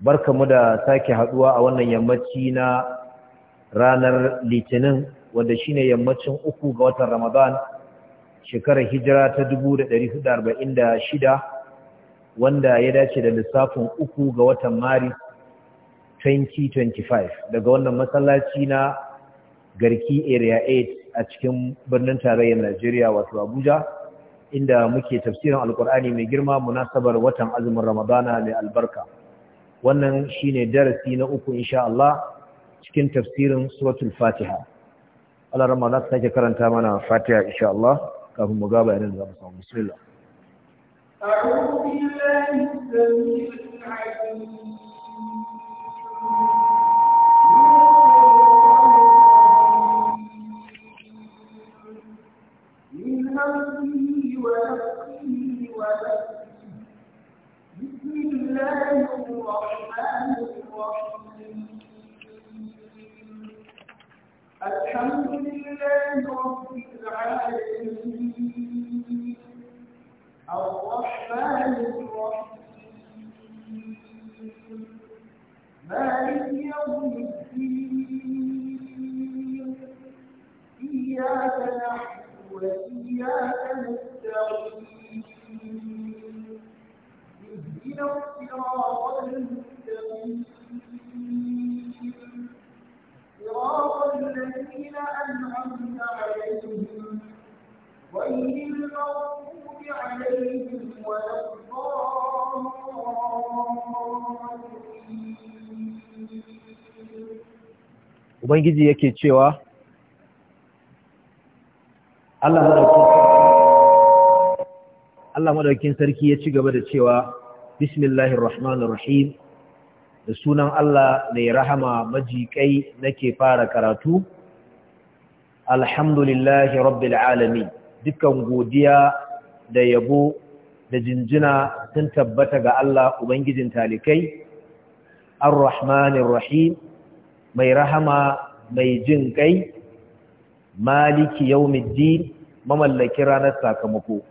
barka mu da sake haduwa a wannan yammaci na ranar litinin wanda shine yammacin uku ga watan ramadan shekarar hijira ta 1446 wanda ya dace da lissafin uku ga watan maris 2025 daga wannan masallaci na garki area 8 a cikin birnin tarayyar najeriya wato abuja inda muke tafsirin alkur'ani mai girma munasabar watan azumin ramadana mai albarka wannan shine darasi na uku insha Allah cikin tafsirin suratul Fatiha Allah rahma na sake karanta mana Fatiha insha Allah kafin mu gaba yanin da mu bismillah أعوذ بالله السميع العليم من همه ونفسه ونفسه الله الرحمن الرحيم الحمد لله رب العالمين الرحمن الرحيم مالك يوم الدين إياك نحن وإياك ubangiji yake cewa Allah madaukin sarki ya ci gaba da cewa bismillahir rahmanir rahim da sunan Allah mai rahama majikai nake fara karatu alhamdulillahi rabbil Alami, dukkan godiya da yabo da jinjina sun tabbata ga Allah ubangijin talikai arrahmanir rahim mai rahama mai jin kai maliki yawmiddin mamallaki ranar sakamako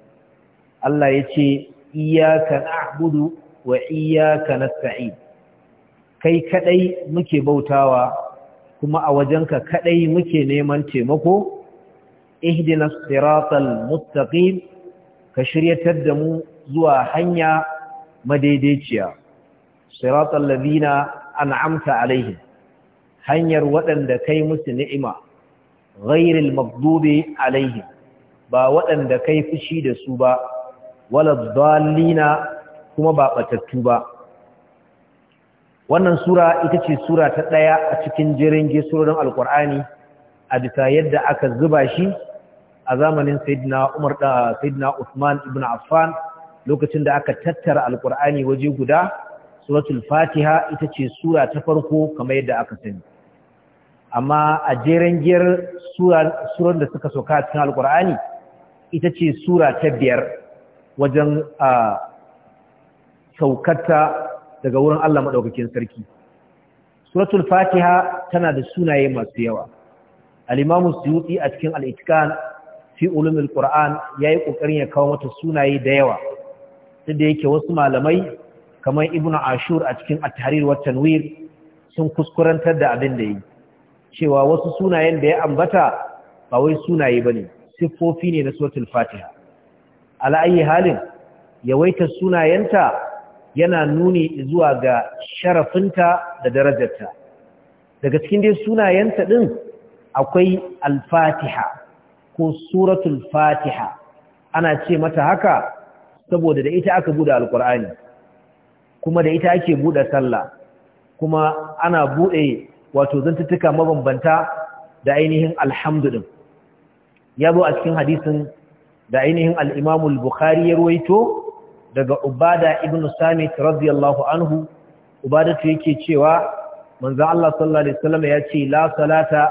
Allah ya ce iyyaka na'budu wa iyyaka nasta'in kai kadai muke bautawa kuma a wajenka kadai muke neman taimako ihdinas siratal mustaqim ka shiryatar da mu zuwa hanya madaidaiciya siratal ladina an'amta alaihim hanyar waɗanda kai musu ni'ima ghairil maghdubi alaihim ba waɗanda kai fushi da su ba wala dhallina kuma ba batattu ba wannan sura ita ce sura ta ɗaya a cikin jerin gesurorin alkur'ani a bisa yadda aka zuba shi a zamanin sayyidina Umar da sayyidina Usman ibn Affan lokacin da aka tattara alkur'ani waje guda suratul fatiha ita ce sura ta farko kamar yadda aka sani amma a jeren giyar surar da suka soka cikin alkur'ani ita ce sura ta biyar wajen a daga wurin Allah maɗaukakin sarki suratul fatiha tana da sunaye masu yawa al'imamu suyuti a cikin al'itikan fi ulumin ƙura'an ya yi ƙoƙarin ya kawo mata sunaye da yawa duk da yake wasu malamai kamar ibn ashur a cikin at-tahrir wa tanwir sun kuskurantar da abin da yi cewa wasu sunayen da ya ambata ba wai sunaye ba ne, siffofi ne na suratul fatiha ala ayi halin yawaitar sunayenta yana nuni zuwa ga sharafinta da darajarta daga cikin dai sunayenta ɗin akwai al-fatiha ko suratul fatiha ana ce mata haka saboda da ita aka buɗe alkur'ani kuma da ita ake buɗe sallah kuma ana buɗe wato zantuttuka mabambanta da ainihin alhamdulillah ya zo a cikin hadisin da ainihin al al-Bukhari ya ruwaito daga Ubada ibn Samit radiyallahu anhu Ubadatu yake cewa manzon Allah sallallahu alaihi wasallam ya ce la salata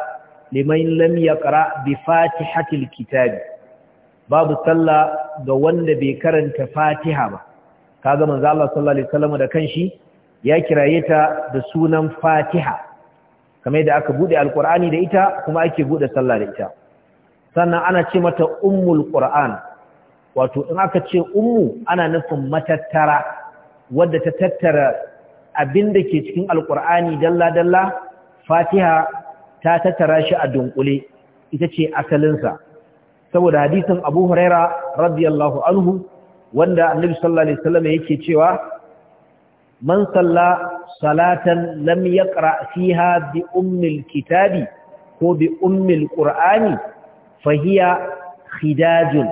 liman lam ƙara bi fatihatil kitabi babu sallah ga wanda bai karanta Fatiha ba kaga manzon Allah sallallahu alaihi wasallam da kanshi ya kiraye ta da sunan Fatiha kamar da aka bude alqur'ani da ita kuma ake bude sallah da ita sannan ana ce mata ummul qur'an wato in aka ce ummu ana nufin matattara wadda ta tattara abin ke cikin alqur'ani dalla dalla fatiha ta tattara shi a dunkule ita ce asalinsa saboda hadisin abu huraira radiyallahu anhu wanda annabi sallallahu alaihi wasallam yake cewa man salla salatan lam yaqra fiha bi ummil kitabi ko bi ummil qur'ani fahiya khidajun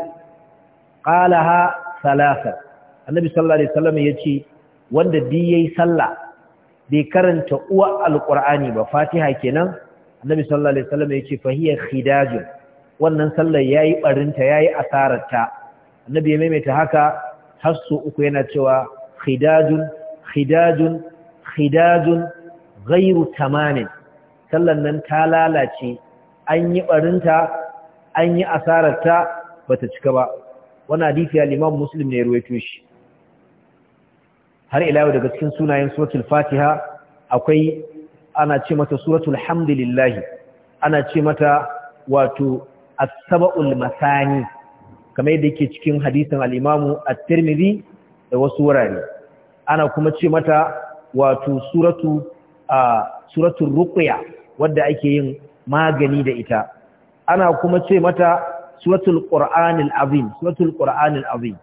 qalaha salasa annabi sallallahu alaihi wasallam ce wanda bi yayi sallah bai karanta uwa alƙur'ani ba fatiha kenan annabi sallallahu alaihi wasallam yace fahiya khidajun wannan sallar yayi barinta yayi asararta annabi ya maimaita haka har uku yana cewa khidajun khidajun khidajun ghairu tamanin sallan nan ta lalace an yi barinta an yi asararta bata cika ba wannan hadisi ya limam Muslim ne ruwaito shi har ila daga cikin sunayen suratul Fatiha akwai ana ce mata suratul hamdulillah ana ce mata wato as-sab'ul masani kamar yadda yake cikin hadisin al-Imam at-Tirmidhi da wasu wurare ana kuma ce mata wato suratu a suratul ruqya wadda ake yin magani da ita ana kuma ce mata suratul qur'anil azim suratul qur'anil azim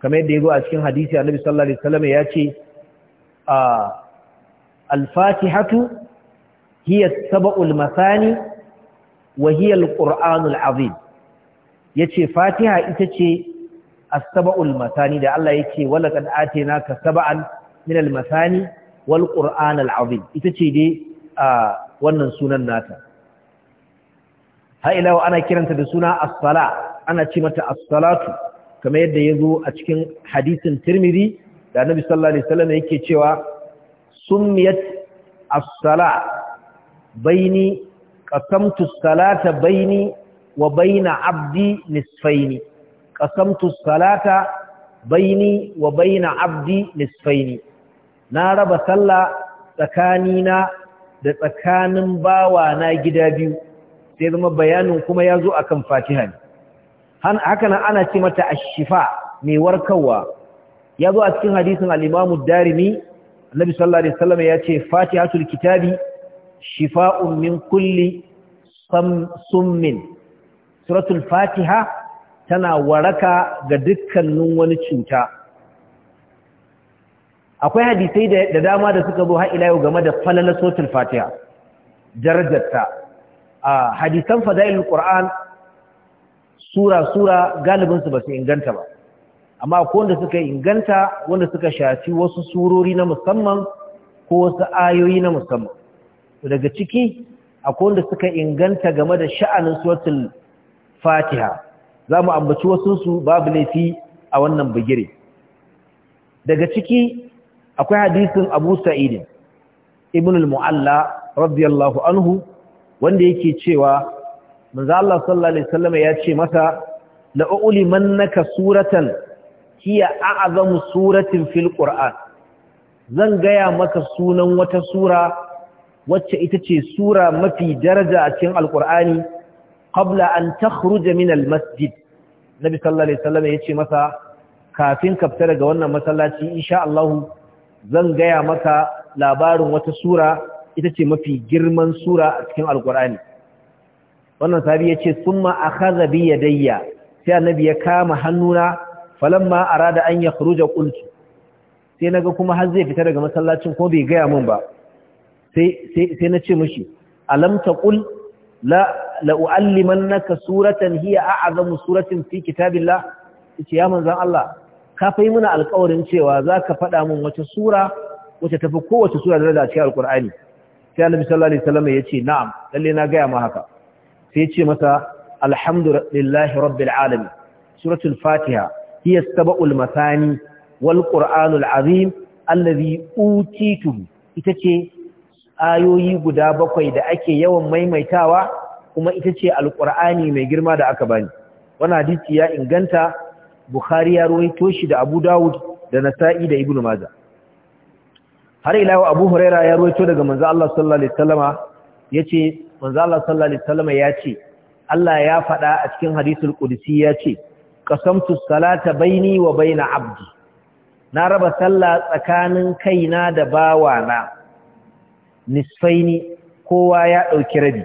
kamar yadda yazo a cikin hadisi annabi sallallahu alaihi wasallam ya ce al-fatihatu hiya sab'ul masani wa hiya al-qur'anul azim yace fatiha ita ce as-sab'ul masani da Allah yace walaqad ka sab'an min al-masani wal qur'an ita ce dai wannan sunan nata ha ila ana kiranta da suna as ana ce mata as-salatu kamar yadda ya zo a cikin hadisin tirmidhi da annabi sallallahu alaihi wasallam yake cewa summiyat as-sala baini qasamtu as-salata baini wa baina abdi nisfaini qasamtu salata baini wa baina abdi nisfaini na raba sallah tsakani na da tsakanin bawa na gida biyu sai zama bayanin kuma ya zo a kan fatiha ne haka nan ana ce mata ashifa mai warkarwa ya zo a cikin hadisin alimamu darimi annabi sallallahu alaihi wasallam ya ce Fatiha fatihatul kitabi shifa'un min kulli summin suratul fatiha tana waraka ga dukkanin wani cuta akwai hadisai da dama da suka zo har yau game da falala sotul fatiha darajarta a hadisan fada'il qur'an sura sura galibin su ba su inganta ba amma akwai wanda suka inganta wanda suka shafi wasu surori na musamman ko wasu ayoyi na musamman daga ciki akwai wanda suka inganta game da sha'anin sotar fatiha za mu ambaci wasu su babu laifi a wannan bigire daga ciki akwai hadisin abu sa'id ibn al-mu'alla radiyallahu anhu wanda yake cewa manzo Allah sallallahu ya ce masa la'uli mannaka suratan kiya a'azamu suratin fil zan gaya maka sunan wata sura wacce ita ce sura mafi daraja a cikin Alƙur'ani, qabla an takhruja min almasjid nabi sallallahu alaihi ya ce masa kafin ka fita daga wannan masallaci insha zan gaya maka labarin wata sura ita ce mafi girman sura a cikin alkur'ani wannan sahabi ya ce sun ma'akaza biya dayya sai annabi ya kama hannuna falamma arada an ya kuruja kulki sai na ga kuma har zai fita daga masallacin ko bai gaya min ba sai na ce mashi alamta kul la'u'alliman naka suratan hiya azamu suratin fi kitabillah ce ya manzan Allah ka fa muna alƙawarin cewa za ka faɗa min wata sura wacce tafi kowace sura da rada cikin alƙur'ani sai annabi sallallahu alaihi wasallam ya ce na'am lalle na gaya ma haka sai ya ce masa alhamdulillahi rabbil alamin suratul fatiha hiya sabaul masani wal qur'anul azim allazi utitu ita ce ayoyi guda bakwai da ake yawan maimaitawa kuma ita ce alƙur'ani mai girma da aka bani wannan hadisi ya inganta bukhari ya ruwaito shi da abu dawud da nasa'i da ibnu Majah har ila abu huraira ya ruwaito daga manzo Allah sallallahu alaihi wasallama yace manzo Allah sallallahu alaihi wasallama yace Allah ya faɗa a cikin hadisul qudsi yace qasamtu salata baini wa baina abdi na raba sallah tsakanin kaina da bawana nisfaini kowa ya dauki rabi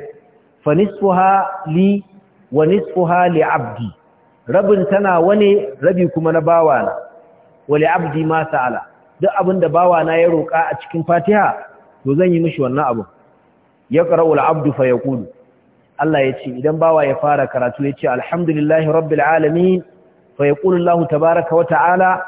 fa nisfuha li wa nisfuha li abdi rabin tana wani rabi kuma na bawana wali abdi ma sa'ala duk abin da bawana ya roƙa a cikin fatiha to zan yi mishi wannan abin ya qara'u al-abdu fa yaqulu Allah ya ce idan bawa ya fara karatu ya ce alhamdulillahi rabbil alamin fa yaqulu Allah tabaaraka wa ta'ala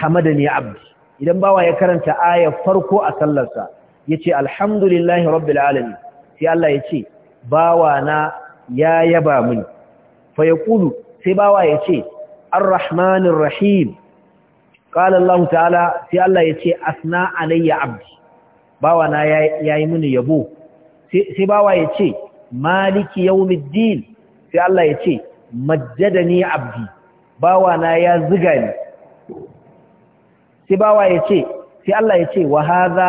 hamadani abdi idan bawa ya karanta aya farko a sallarsa ya ce alhamdulillahi rabbil alamin sai Allah ya ce bawana ya yaba mini fa yaqulu sai bawa ya ce ar-rahmanir rahim qala Allah ta'ala sai Allah ya ce asna alayya abdi bawa na ya yi mini yabo sai bawa ya ce maliki yawmiddin sai Allah ya ce ni abdi bawa na ya ziga ni sai bawa ya ce sai Allah ya ce wa hadha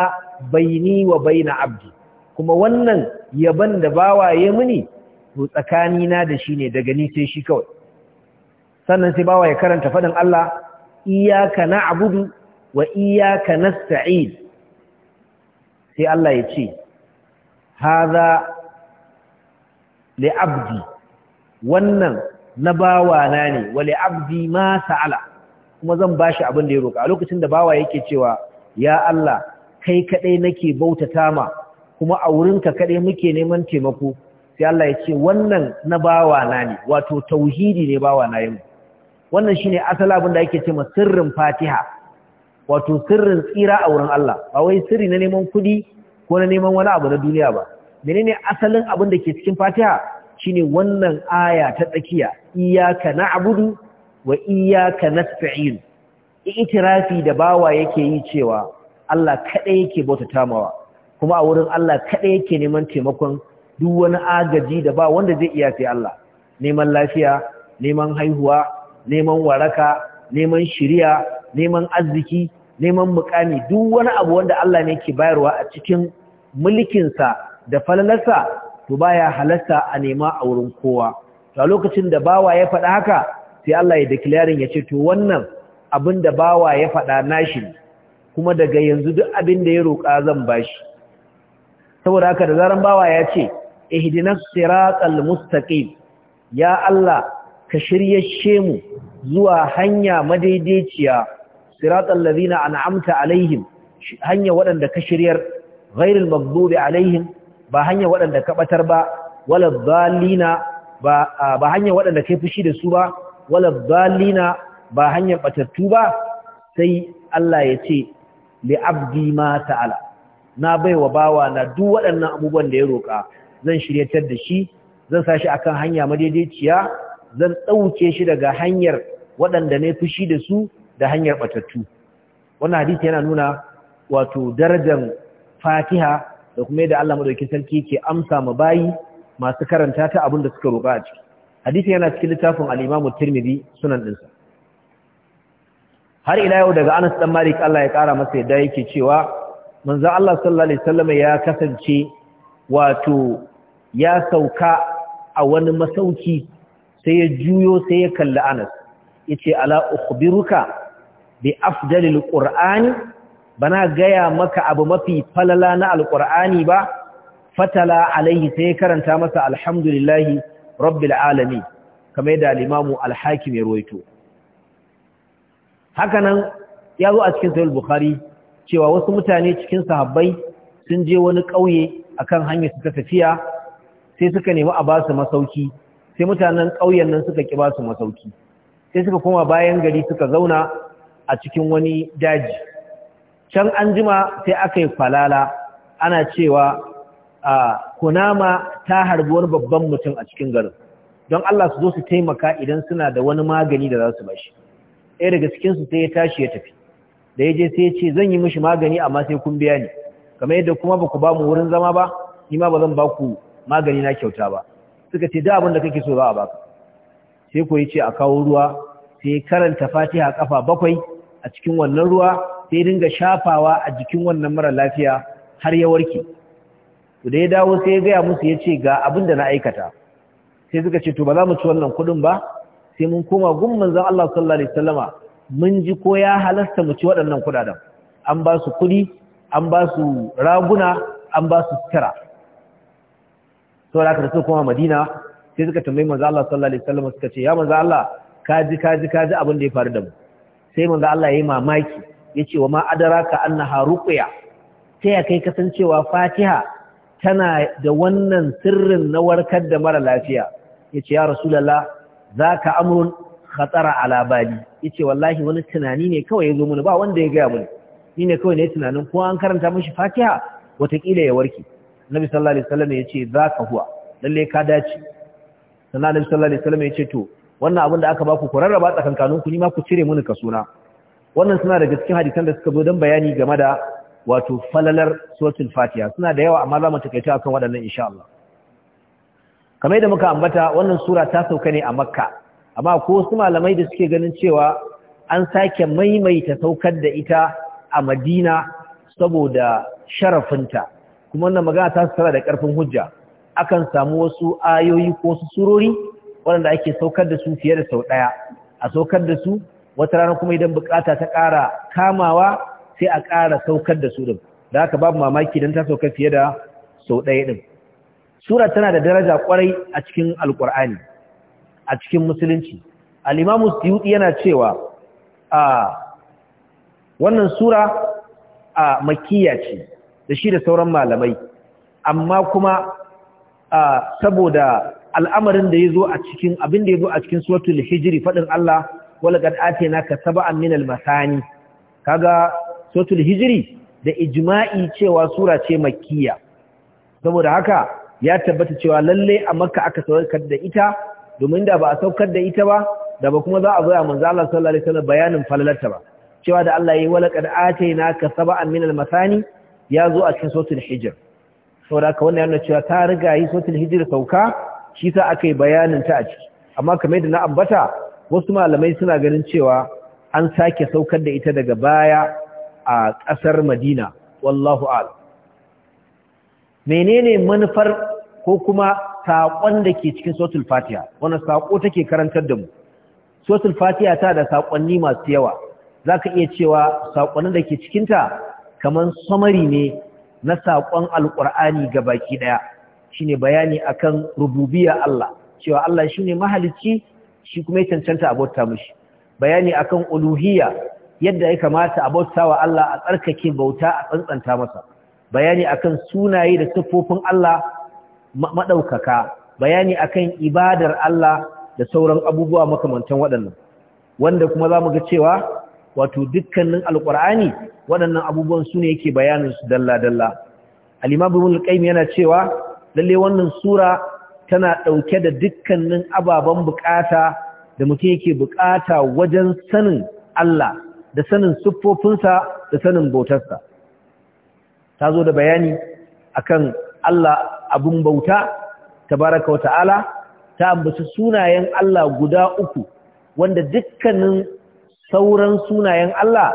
baini wa baina abdi kuma wannan yaban da bawa ya mini to tsakanina da shi ne daga ni sai shi kawai sannan sai bawa ya karanta fadin Allah iyyaka na'budu wa iyyaka nasta'in sai Allah ya ce hadha li wannan na bawa na ne wa li abdi ma sa'ala kuma zan bashi abin da ya roka a lokacin da bawa yake cewa ya Allah kai kadai nake bautata ma kuma a wurinka kadai muke neman taimako sai Allah ya ce wannan na bawa na ne wato tauhidi ne bawa na yi wannan shine asali abin da ake cewa sirrin fatiha wato sirrin tsira a wurin Allah ba wai sirri na neman kuɗi ko na neman wani abu na duniya ba menene asalin abin da ke cikin fatiha shine wannan aya ta tsakiya iyyaka na'budu wa iyyaka nasta'in itirafi da bawa yake yi cewa Allah kaɗai yake bautata mawa kuma a wurin Allah kaɗai yake neman taimakon duk wani agaji da ba wanda zai iya sai Allah neman lafiya neman haihuwa neman waraka neman shiriya neman arziki neman mukami duk wani abu wanda Allah ne yake bayarwa a cikin mulkinsa da falalarsa to baya halasta a nema a wurin kowa to a lokacin da bawa ya faɗa haka sai Allah ya declaring ya ce to wannan abin da bawa ya faɗa nashi kuma daga yanzu duk abin da ya roƙa zan bashi saboda haka da zaran bawa ya ce ihdinas siratal mustaqim ya Allah ka shiryashe mu zuwa hanya madaidaiciya siratal ladina an'amta alaihim hanya waɗanda ka shiryar ghairil maghdubi alaihim ba hanya waɗanda ka batar ba wala ba ba hanya waɗanda kai fushi da su ba wala ba hanyar batattu ba sai Allah ya ce li abdi ma ta'ala na baiwa bawa na duk waɗannan abubuwan da ya roka zan shiryatar da shi zan sa a akan hanya madaidaiciya zan ɗauke shi daga hanyar waɗanda ne fushi da su da hanyar ɓatattu wannan hadisi yana nuna wato darajar fatiha da kuma yadda Allah madaukakin sarki ke amsa ma bayi masu karanta ta abin da suka roƙa a ciki hadisi yana cikin littafin al-Imam Tirmidhi sunan dinsa har ila yau daga Anas dan Malik Allah ya ƙara masa yadda yake cewa manzo Allah sallallahu alaihi wasallam ya kasance wato ya sauka a wani masauki sai ya juyo sai ya kalli Anas yace ala ukhbiruka bi afdalil qur'ani bana gaya maka abu mafi falala na alqur'ani ba fatala alaihi sai karanta masa alhamdulillahi rabbil alamin kamar yadda al-imamu al-hakim ya ruwaito hakanan ya zo a cikin sahih bukhari cewa wasu mutane cikin sahabbai sun je wani ƙauye akan hanyar su ta tafiya sai suka nemi a basu masauki sai mutanen ƙauyen nan suka ƙi ba su masauki sai suka koma bayan gari suka zauna a cikin wani daji can an jima sai aka yi falala ana cewa a kunama ta harbi wani babban mutum a cikin garin don Allah su zo su taimaka idan suna da wani magani da za su bashi ɗaya daga cikinsu sai ya tashi ya tafi da ya je sai ya ce zan yi mishi magani amma sai kun biya ni kamar yadda kuma ba ku ba mu wurin zama ba ni ma ba zan ba ku magani na kyauta ba suka ce da abinda da kake so za a baka sai ko yace a kawo ruwa sai karanta fatiha kafa bakwai a cikin wannan ruwa sai dinga shafawa a jikin wannan mara lafiya har ya warke to da ya dawo sai ya gaya musu yace ga abinda na aikata sai suka ce to ba za mu ci wannan kudin ba sai mun koma gun manzon Allah sallallahu alaihi wasallama mun ji ko ya halasta mu ci waɗannan kudaden an ba su kudi an ba su raguna an ba su saboda haka da suka kuma madina sai suka tambayi manzo Allah sallallahu alaihi wasallam suka ce ya manzo Allah kaji kaji kaji abin da ya faru da mu sai manzo Allah yayi mamaki yace wa ma adraka annaha ruqya ta ya kai kasancewa Fatiha tana da wannan sirrin na warkar da mara lafiya yace ya rasulullah zaka amrun khatara ala bali yace wallahi wani tunani ne kawai yazo mini ba wanda ya ga mun. ni ne kawai ne tunanin ko an karanta mishi Fatiha watakila ya warke nabi sallallahu alaihi wasallam ya ce za ka huwa lalle ka dace sannan nabi sallallahu alaihi wasallam ya ce to wannan abin da aka ba ku rarraba tsakankanin ku ni ma ku cire mini kasuna wannan suna daga cikin hadisan da suka zo don bayani game da wato falalar suratul fatiha suna da yawa amma za mu takaita akan waɗannan insha Allah kamar yadda muka ambata wannan sura ta sauka ne a makka amma ko su malamai da suke ganin cewa an sake maimaita saukar da ita a madina saboda sharafinta kuma wannan magana ta tsara da ƙarfin hujja akan samu wasu ayoyi ko wasu surori waɗanda ake saukar da su fiye da sau ɗaya a saukar da su wata rana kuma idan bukata ta ƙara kamawa sai a ƙara saukar da su ɗin da haka babu mamaki don ta sauka fiye da sau ɗaya ɗin sura tana da daraja kwarai a cikin alƙur'ani a cikin musulunci al'imamu suyuɗi yana cewa a ah, wannan sura a ah, makiya ce da shi da sauran malamai amma kuma saboda al'amarin da ya zo a cikin abin da ya zo a cikin suratul hijiri faɗin Allah wala kad atina ka sab'an min al-masani kaga suratul hijiri da ijma'i cewa sura ce makkiya saboda haka ya tabbata cewa lalle a makka aka saukar da ita domin da ba a saukar da ita ba da ba kuma za a zoya manzo Allah sallallahu alaihi wasallam bayanin falalarta ba cewa da Allah yayi wala kad atina ka sab'an min masani ya zo a cikin sautin hijir da aka wannan yana cewa ta riga yi sautin hijir sauka shi sa aka yi bayanin ta a ciki amma kamar da na ambata wasu malamai suna ganin cewa an sake saukar da ita daga baya a ƙasar madina wallahu al menene manufar ko kuma saƙon da ke cikin sautul Fatiya? wani saƙo take karantar da mu sautul Fatiya ta da saƙonni masu yawa za ka iya cewa saƙonin da ke cikinta kaman samari ne na saƙon alƙur'ani ga baki ɗaya shine bayani akan rububiya Allah cewa Allah shi ne mahalicci shi kuma ya cancanta abota mashi. bayani akan uluhiyya yadda ya kamata a bauta wa Allah a tsarkake bauta a tsantsanta masa bayani akan sunaye da siffofin Allah maɗaukaka bayani akan ibadar Allah da sauran abubuwa makamantan waɗannan wanda kuma za mu ga cewa wato dukkanin alqur'ani waɗannan abubuwan su ne yake bayanin su dalla dalla al-imam al yana cewa lalle wannan sura tana ɗauke da dukkanin ababen bukata da mutum yake bukata wajen sanin Allah da sanin siffofinsa da sanin bautarsa ta zo da bayani akan Allah abun bauta ta wa ta'ala ta ambaci sunayen Allah guda uku wanda dukkanin sauran sunayen Allah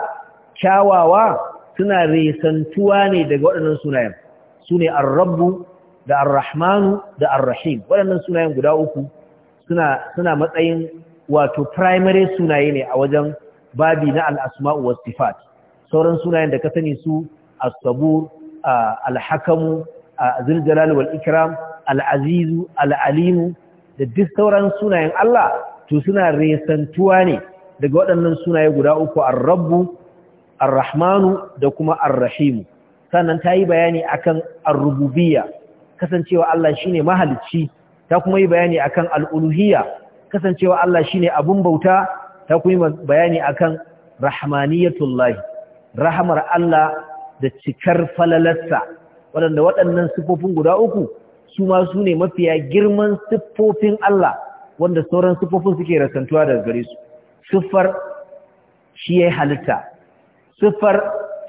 kyawawa suna resantuwa ne daga waɗannan sunayen su ne arrabu da arrahmanu da arrahim waɗannan sunayen guda uku suna matsayin wato primary sunaye ne a wajen babi na al'asma'u wa sifat sauran sunayen da ka sani su as-sabur al-hakamu zuljalal wal ikram al-azizu al da duk sauran sunayen Allah to suna resantuwa ne daga waɗannan sunaye guda uku ar-rabbu ar-rahmanu da kuma ar-rahimu sannan ta yi bayani akan ar-rububiyya kasancewa Allah shine mahalicci ta kuma yi bayani akan al-uluhiyya kasancewa Allah shine abun bauta ta kuma bayani akan rahmaniyatullah rahmar Allah da cikar falalarsa waɗanda waɗannan siffofin guda uku su ma su ne mafiya girman siffofin Allah wanda sauran siffofin suke rasantuwa daga gare su siffar shi ya halitta siffar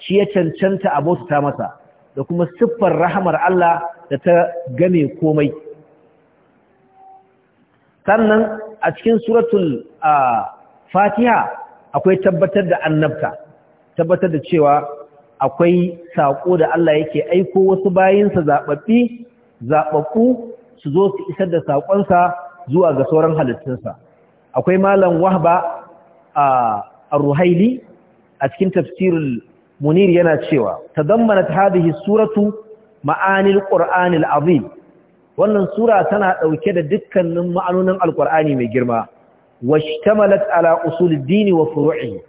shi ya cancanta a bauta masa da kuma siffar rahamar Allah da ta game komai sannan a cikin suratul fatiha akwai tabbatar da annabta tabbatar da cewa akwai saƙo da Allah yake aiko wasu bayansa zaɓaɓɓi zaɓaɓɓu su zo su isar da saƙonsa zuwa ga sauran halittunsa akwai malam wahba a ruhaili a cikin tafsirin munir yana cewa tadammanat hadhihi suratu ma'anil qur'anil azim wannan sura tana ɗauke da dukkanin ma'anonin alqur'ani mai girma washtamalat ala usulidini wa furu'i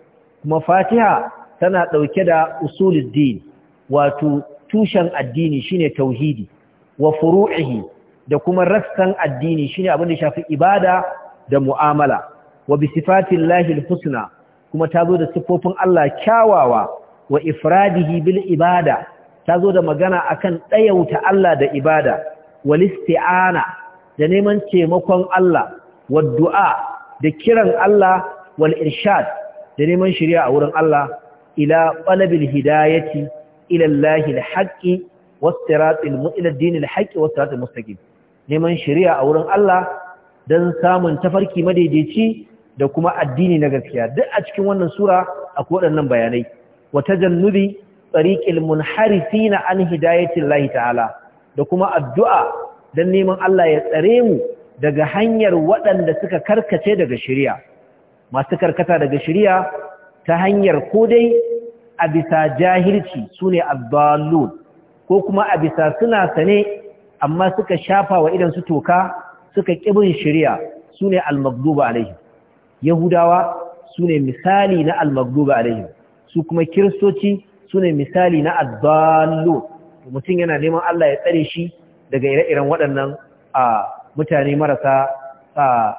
kuma fatiha tana ɗauke da usulidini wato tushen addini shine tauhidi wa furu'ihi da kuma rassan addini shine abin da shafi ibada da mu'amala wa bi sifatillahi kuma ta zo da siffofin Allah kyawawa wa ifradihi bil ibada ta zo da magana akan ɗayauta Allah da ibada wal isti'ana da neman taimakon Allah wa du'a da kiran Allah wal irshad da neman shari'a a wurin Allah ila qalabil hidayati ila Allahil haqqi was ila dinil haqqi was mustaqim neman shari'a a wurin Allah dan samun tafarki madaidaici da kuma addini na gaskiya duk a cikin wannan sura akwai waɗannan bayanai wa tajannubi tariqil munharifina an hidayatillahi ta'ala da kuma addu'a dan neman Allah ya tsare mu daga hanyar waɗanda suka karkace daga shari'a masu karkata daga shari'a ta hanyar ko dai a bisa jahilci sune addallun ko kuma a bisa suna sane amma suka shafa wa idan su toka suka kibin shari'a sune al-maghdubu alaihim yahudawa su ne misali na almagduba alaihim su kuma kiristoci su ne misali na addallo mutum yana neman Allah ya tsare shi daga ire-iren waɗannan a mutane marasa a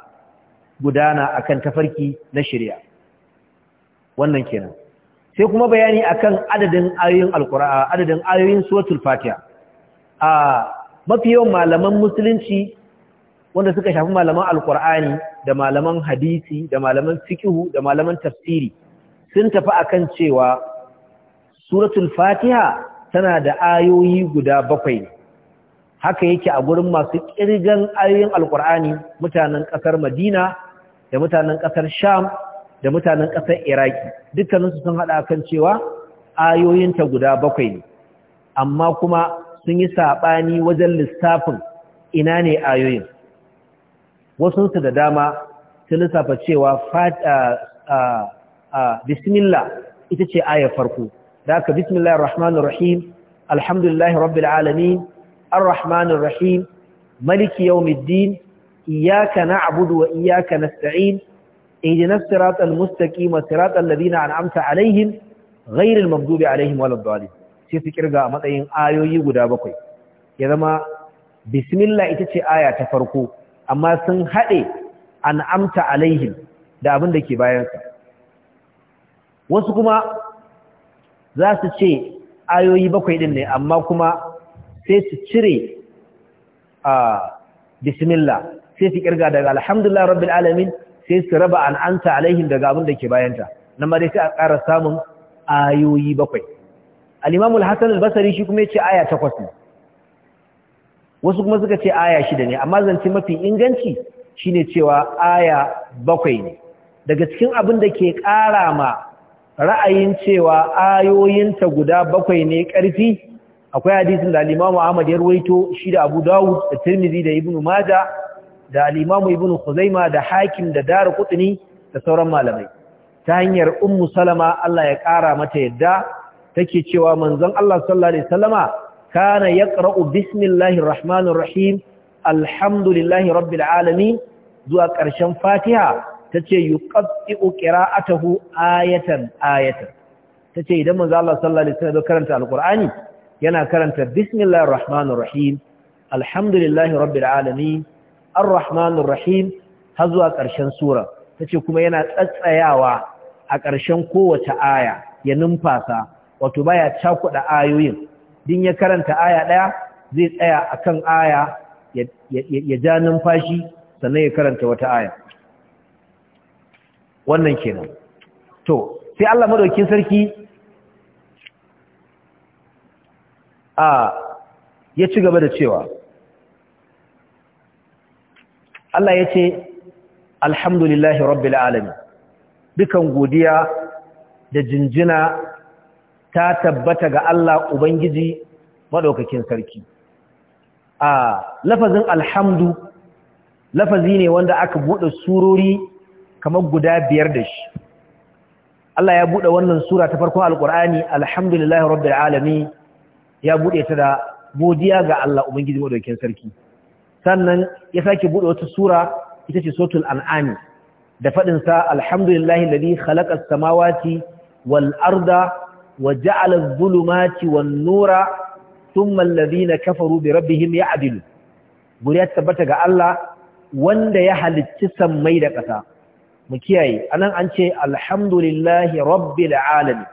gudana akan tafarki na shirya wannan kenan sai kuma bayani akan adadin ayoyin alkur'a adadin ayoyin suratul fatiha a mafi yawan malaman musulunci wanda suka shafi malaman alkur'ani da malaman hadisi da malaman fiqhu da malaman tafsiri sun tafi akan cewa suratul fatiha tana da ayoyi guda bakwai haka yake a gurin masu kirgan ayoyin alkur'ani mutanen kasar madina da mutanen kasar sham da mutanen kasar iraki dukkaninsu sun hada kan cewa ayoyinta guda bakwai ne amma kuma sun yi saɓani wajen lissafin ina ne ayoyin wasunsu da dama sun lissafa cewa bismillah ita ce ayar farko da aka bismillahir rahmanir rahim alhamdulillahi rabbil alamin arrahmanir rahim maliki yawmiddin iyyaka na'budu wa iyyaka nasta'in ihdinas siratal mustaqim siratal ladina an'amta alaihim ghairil maghdubi alaihim waladdallin sai su kirga a matsayin ayoyi guda bakwai ya zama bismillah ita ce aya ta farko amma sun haɗe an amta alaihim da abin da ke bayansa wasu kuma za su ce ayoyi bakwai ɗin ne amma kuma sai su cire a bismillah sai su kirga daga alhamdulillah rabbil alamin sai su raba an amta alaihim daga abin da ke bayanta nan ma dai sai a ƙara samun ayoyi bakwai al-imamul hasan al-basri shi kuma ya ce aya takwas ne wasu kuma suka ce aya shida ne amma zance mafi inganci shine cewa aya bakwai ne daga cikin abin da ke ƙara ma ra'ayin cewa ayoyinta guda bakwai ne ƙarfi akwai hadisin da al Ahmad ya ruwaito shi da Abu Dawud da Tirmidhi da Ibn Majah da al-Imam Ibn khuzaima da Hakim da Darqutni da sauran malamai ta hanyar Ummu Salama Allah ya ƙara mata yadda take cewa manzon Allah sallallahu alaihi wasallama kana yaqra'u bismillahir rahmanir rahim alhamdulillahi rabbil alamin zuwa ƙarshen fatiha tace yuqatti'u qira'atahu ayatan ayatan tace idan manzo Allah sallallahu alaihi wasallam karanta alqur'ani yana karanta bismillahir rahmanir rahim alhamdulillahi rabbil alamin arrahmanir rahim har zuwa ƙarshen sura tace kuma yana tsatsayawa a ƙarshen kowace aya ya numfasa wato baya cakuɗa ayoyin din ya karanta aya ɗaya zai tsaya akan aya ya ja numfashi sannan ya karanta wata aya wannan kenan to sai Allah madaukin sarki a ya ci gaba da cewa Allah ya ce alhamdulillahi rabbil alamin dukan godiya da jinjina ta tabbata ga Allah Ubangiji maɗaukakin sarki. A lafazin alhamdu, lafazi ne wanda aka buɗe surori kamar guda biyar da shi. Allah ya buɗe wannan sura ta farkon Alƙur'ani, alhamdulillahi rabbil alami ya buɗe ta da godiya ga Allah Ubangiji maɗaukakin sarki. Sannan ya sake buɗe wata sura ita ce Sotul An'ami da faɗinsa alhamdulillahi lalli khalaƙar samawati wal arda Waje ja'ala adh wan-nura thumma alladhina kafaru bi rabbihim ya'dilu ya tabbata ga Allah wanda ya halicci sammai da ƙasa mu kiyaye anan an ce alhamdulillahi rabbil alamin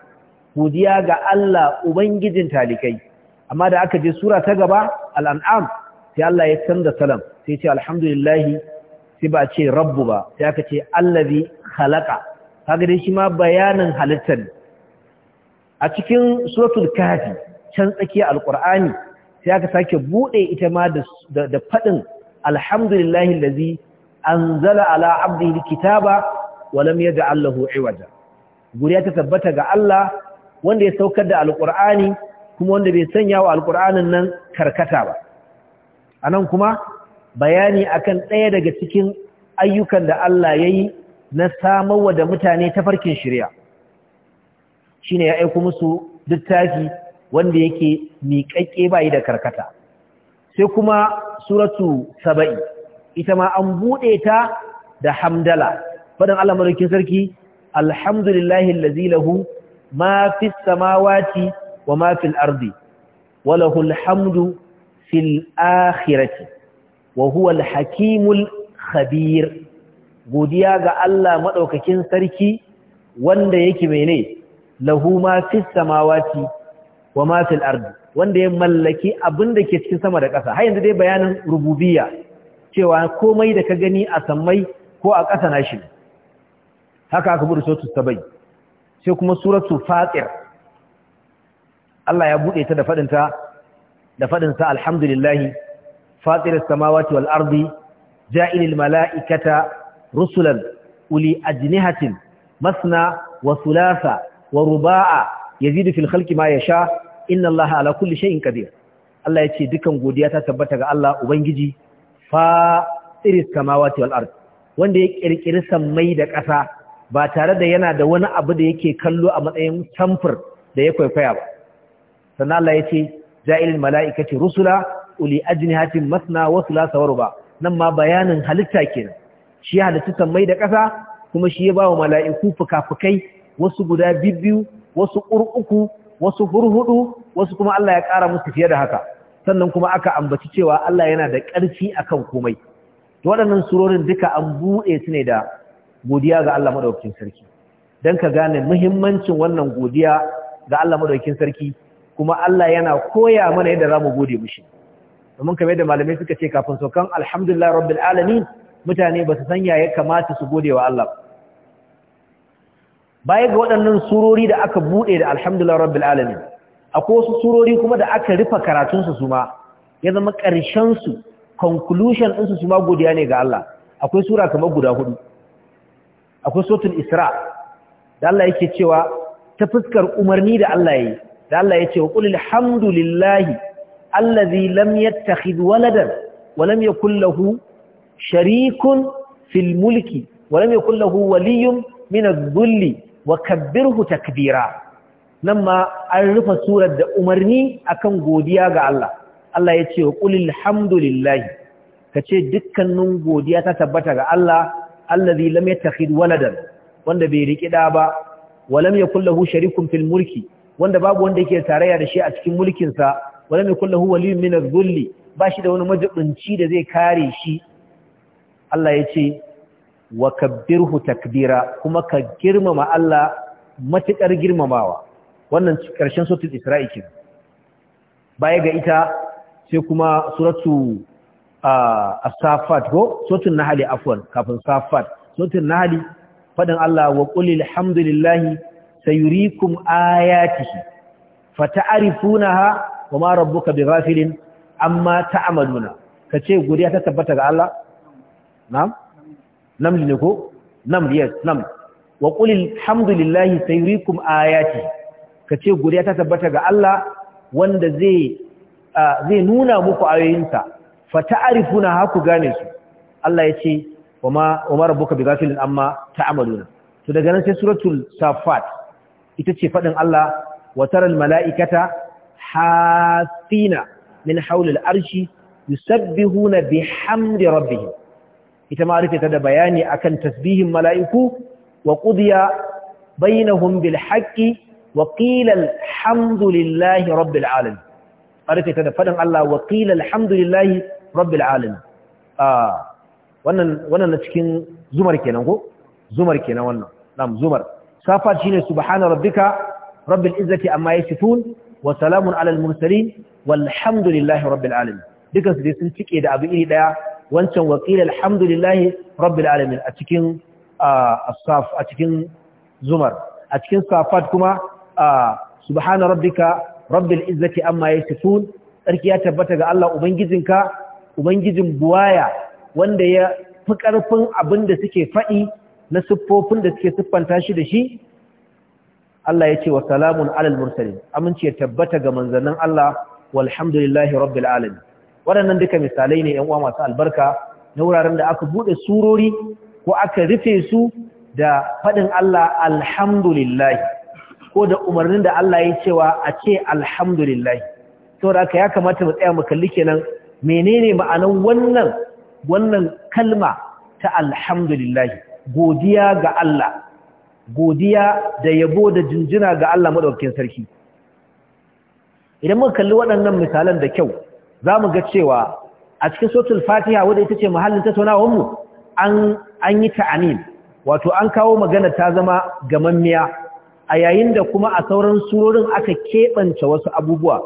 godiya ga Allah ubangijin talikai amma da aka je sura ta gaba al-an'am sai Allah ya canza salam sai ce alhamdulillahi sai ba ce rabbu ba sai aka ce allazi khalaqa kaga dai shi ma bayanin halittar a cikin suratul kafi can tsakiya alkur'ani sai aka sake bude ita ma da faɗin fadin alhamdulillahi allazi anzala ala abdihi alkitaba wa lam yaj'al lahu iwaja guriya ta tabbata ga Allah wanda ya saukar da alkur'ani kuma wanda bai sanya wa alkur'anin nan karkata ba anan kuma bayani akan ɗaya daga cikin ayyukan da Allah yayi na samarwa da mutane tafarkin shari'a shine ya aiko musu littafi wanda yake miƙaƙƙe bayi da karkata sai kuma suratu saba'i ita ma an buɗe ta da hamdala faɗin Allah madaukin sarki alhamdulillahi allazi lahu ma fis samawati wa ma fil ardi wa lahul fil akhirati wa huwa hakimul khabir godiya ga Allah madaukakin sarki wanda yake mene lahu ma fis samawati wa ma fil ardi wanda ya mallaki abin da ke cikin sama da ƙasa har yanzu dai bayanin rububiyya cewa komai da ka gani a samai ko a ƙasa nashi haka aka bude suratul sabai sai kuma suratul fatir Allah ya bude ta da fadin ta da fadin sa alhamdulillah fatiris samawati wal ardi ja'ilil mala'ikata rusulan uli ajnihatin masna wa thulatha Waruba'a, yazidu fil khalqi ma yasha inna allaha ala kulli shay'in qadir Allah yace dukan godiya ta tabbata ga Allah ubangiji fa iris samawati wal ard wanda ya kirkiri sammai da ƙasa ba tare da yana da wani abu da yake kallo a matsayin samfur da ya kwaikwaya ba sannan Allah yace ja'ilil mala'ikati rusula uli ajnihatin masna wa thulatha wa ruba nan ma bayanin halitta kenan shi halitta sammai da ƙasa kuma shi ya bawa mala'iku fuka-fukai wasu guda bibbiyu wasu ƙur'uku wasu hurhudu wasu kuma Allah ya ƙara musu fiye da haka sannan kuma aka ambaci cewa Allah yana da ƙarfi akan komai to waɗannan surorin duka an buɗe su ne da godiya ga Allah madaukakin sarki dan ka gane muhimmancin wannan godiya ga Allah madaukakin sarki kuma Allah yana koya mana yadda zamu gode mishi domin kamar yadda malamai suka ce kafin saukan alhamdulillah rabbil alamin mutane ba su sanya ya kamata su gode wa Allah baya ga waɗannan surori da aka buɗe da alhamdulillah rabbil alamin akwai wasu surori kuma da aka rufe karatunsu su ma ya zama ƙarshensu conclusion ɗinsu su ma godiya ne ga Allah akwai sura kamar guda hudu akwai suratul isra da Allah yake cewa ta fuskar umarni da Allah yayi da Allah ya ce wa qul alhamdulillahi allazi lam yattakhidh waladan wa lam yakul lahu sharikun fil mulki wa lam yakul lahu waliyun min adh-dhulli wa kabbirhu takbira nan ma an rufe surar da umarni akan godiya ga Allah Allah ya ce qulil hamdulillahi kace dukkanin godiya ta tabbata ga Allah allazi lam yattakhid waladan wanda bai riki da ba ya yakul lahu sharikun fil mulki wanda babu wanda yake tarayya da shi a cikin mulkin sa walam yakul lahu waliyyun min adh-dhulli bashi da wani majibinci da zai kare shi Allah ya ce wa kabbirhu takbira kuma ka girmama Allah matukar girmamawa wannan karshen suratul isra'i ke baya ga ita sai kuma suratu as-safat go suratul nahl afwan kafin safat suratul nahl fadan Allah wa qulil hamdulillahi sayuriikum ayatihi fata'rifunaha wama rabbuka bighafilin amma ta'maluna kace godiya ta tabbata ga Allah na'am naml ne ko nam yes nam wa qul alhamdulillahi sayurikum ayati kace godiya ta tabbata ga Allah wanda zai zai nuna muku ayoyinsa fata'rifuna haku gane su Allah yace wama wama rabbuka bighafilin amma ta'maluna to daga nan sai suratul safat ita ce fadin Allah wa taral mala'ikata hafina min hawlil arshi yusabbihuna bihamdi rabbihim ita ma rufe ta da bayani akan tasbihin mala'iku wa qudiya bainahum bil haqqi wa qila alhamdulillahi rabbil alamin rufe ta da fadan Allah wa qila alhamdulillahi rabbil alamin wannan wannan cikin zumar kenan ko zumar kenan wannan nam zumar safa shine subhana rabbika rabbil izzati amma yasifun wa salamun alal mursalin walhamdulillahi rabbil alamin dukan dai sun cike da abu iri daya wancan waƙila alhamdulillahi rabbil alamin a cikin asaf a cikin zumar a cikin safat kuma subhana rabbika rabbil izzati amma yasifun sarki ya tabbata ga Allah ubangijinka ubangijin buwaya wanda ya fi karfin abin da suke faɗi na siffofin da suke siffanta shi da shi Allah ya ce wa salamun alal mursalin aminci ya tabbata ga manzannin Allah walhamdulillahi rabbil alamin waɗannan duka misalai ne 'yan uwa masu albarka na wuraren da aka buɗe surori ko aka rufe su da faɗin Allah alhamdulillah ko da umarnin da Allah ya cewa a ce alhamdulillah saboda haka ya kamata mu tsaya mu kalli kenan menene ma'anan wannan wannan kalma ta alhamdulillah godiya ga Allah godiya da yabo da jinjina ga Allah madaukakin sarki idan muka kalli waɗannan misalan da kyau za mu ga cewa a cikin sotul fatiha wadda ita ce mahallin tattaunawarmu an an yi ta'anin wato an kawo magana ta zama gamammiya a yayin da kuma a sauran surorin aka keɓance wasu abubuwa